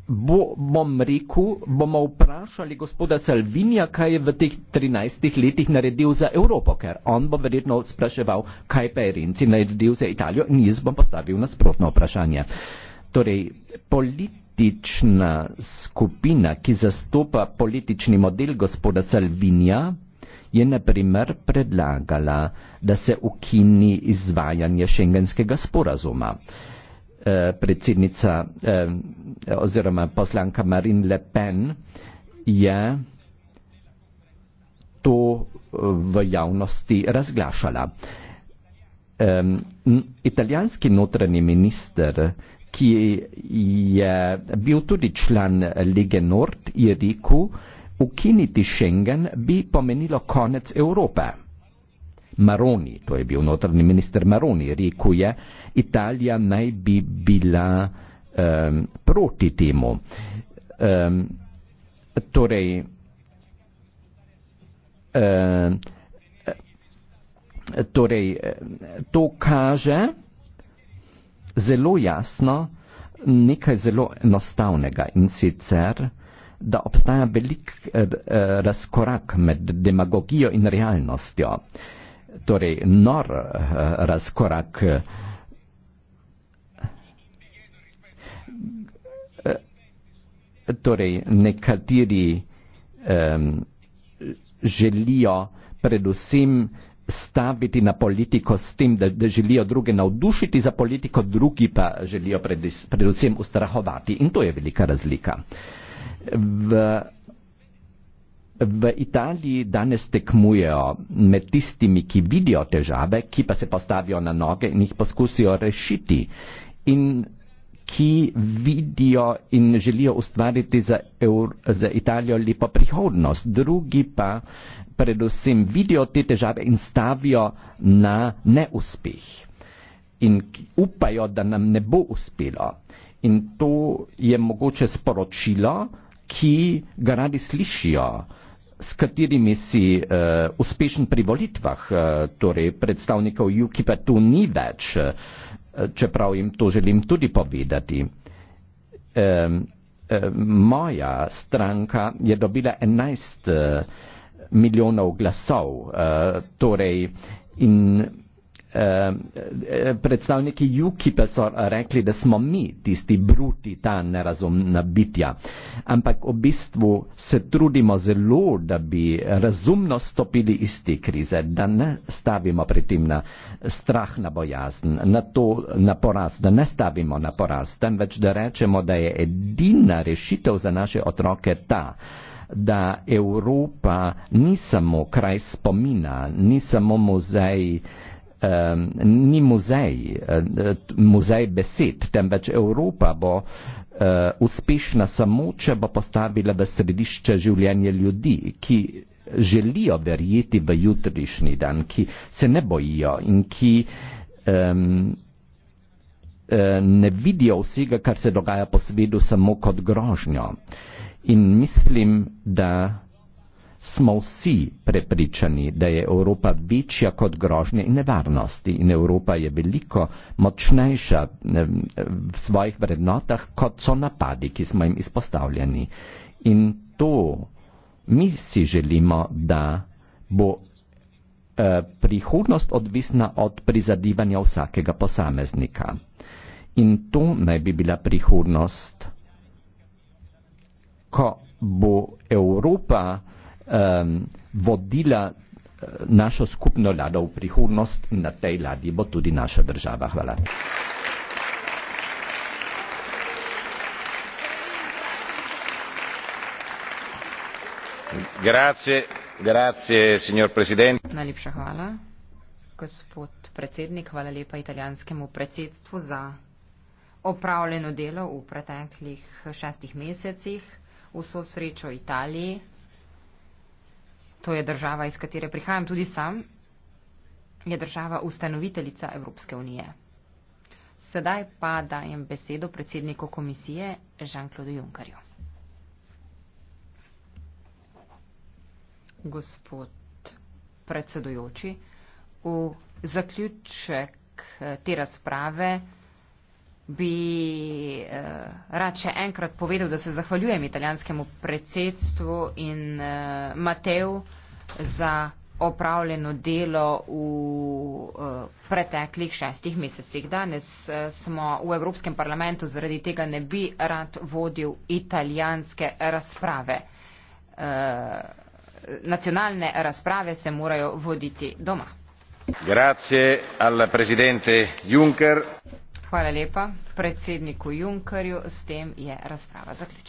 bo, bom rekel, bomo vprašali gospoda Salvinija, kaj je v teh 13 letih naredil za Evropo, ker on bo verjetno spraševal, kaj pa je Renci naredil za Italijo in jaz bom postavil nasprotno vprašanje. Torej, politična skupina, ki zastopa politični model gospoda Salvinija, je naprimer predlagala, da se ukini izvajanje šengenskega sporazuma. Eh, predsednica eh, oziroma poslanka Marine Le Pen je to eh, v javnosti razglašala. Eh, italijanski notranji minister, ki je bil tudi član Lige Nord, je rekel, ukiniti Schengen bi pomenilo konec Evrope. Maroni, to je bil notranji minister Maroni, rekel je, Italija naj bi bila um, proti temu. Um, torej, um, torej, to kaže zelo jasno nekaj zelo enostavnega in sicer, da obstaja velik eh, razkorak med demagogijo in realnostjo. Eh, torej nor eh, razkorak. Eh, torej, nekateri um, želijo predvsem staviti na politiko s tem, da, da želijo druge navdušiti za politiko, drugi pa želijo predvsem ustrahovati. In to je velika razlika. V V Italiji danes tekmujejo med tistimi, ki vidijo težave, ki pa se postavijo na noge in jih poskusijo rešiti in ki vidijo in želijo ustvariti za, Eur, za Italijo lepo prihodnost. Drugi pa predvsem vidijo te težave in stavijo na neuspeh in upajo, da nam ne bo uspelo. In to je mogoče sporočilo, ki ga radi slišijo s katerimi si uh, uspešen pri volitvah, uh, torej predstavnikov UKIP-a tu ni več, uh, čeprav jim to želim tudi povedati. Um, um, moja stranka je dobila 11 uh, milijonov glasov, uh, torej in Ehm, eh, predstavniki UKIP-a so rekli, da smo mi tisti bruti, ta nerazumna bitja. Ampak v bistvu se trudimo zelo, da bi razumno stopili iz te krize, da ne stavimo pri tem na strah, na bojazen, na to, na poraz, da ne stavimo na poraz, temveč da rečemo, da je edina rešitev za naše otroke ta, da Evropa ni samo kraj spomina, ni samo muzej, um, ni muzej, eh, muzej besed, temveč Evropa bo uh, uspešna samo, če bo postavila v središče življenje ljudi, ki želijo verjeti v jutrišnji dan, ki se ne bojijo in ki um, ne vidijo vsega, kar se dogaja po svetu, samo kot grožnjo. In mislim, da smo vsi prepričani, da je Evropa večja kot grožnje in nevarnosti in Evropa je veliko močnejša v svojih vrednotah, kot so napadi, ki smo jim izpostavljeni. In to mi si želimo, da bo eh, prihodnost odvisna od prizadivanja vsakega posameznika. In to naj bi bila prihodnost, ko bo Evropa um, vodila uh, našo skupno lado v prihodnost in na tej ladji bo tudi naša država. Hvala. Grazie, grazie, signor Presidente. Najlepša hvala, gospod predsednik. Hvala lepa italijanskemu predsedstvu za opravljeno delo v preteklih šestih mesecih. Vso srečo Italiji. To je država, iz katere prihajam tudi sam, je država ustanoviteljica Evropske unije. Sedaj pa dajem besedo predsedniku komisije Žan-Klodu Junkarju. Gospod predsedujoči, v zaključek eh, te razprave bi eh, rad še enkrat povedal, da se zahvaljujem italijanskemu predsedstvu in eh, Mateju za opravljeno delo v uh, preteklih šestih mesecih. Danes uh, smo v Evropskem parlamentu, zaradi tega ne bi rad vodil italijanske razprave. Uh, nacionalne razprave se morajo voditi doma. Grazie al presidente Juncker. Hvala lepa predsedniku Junkerju. S tem je razprava zaključena.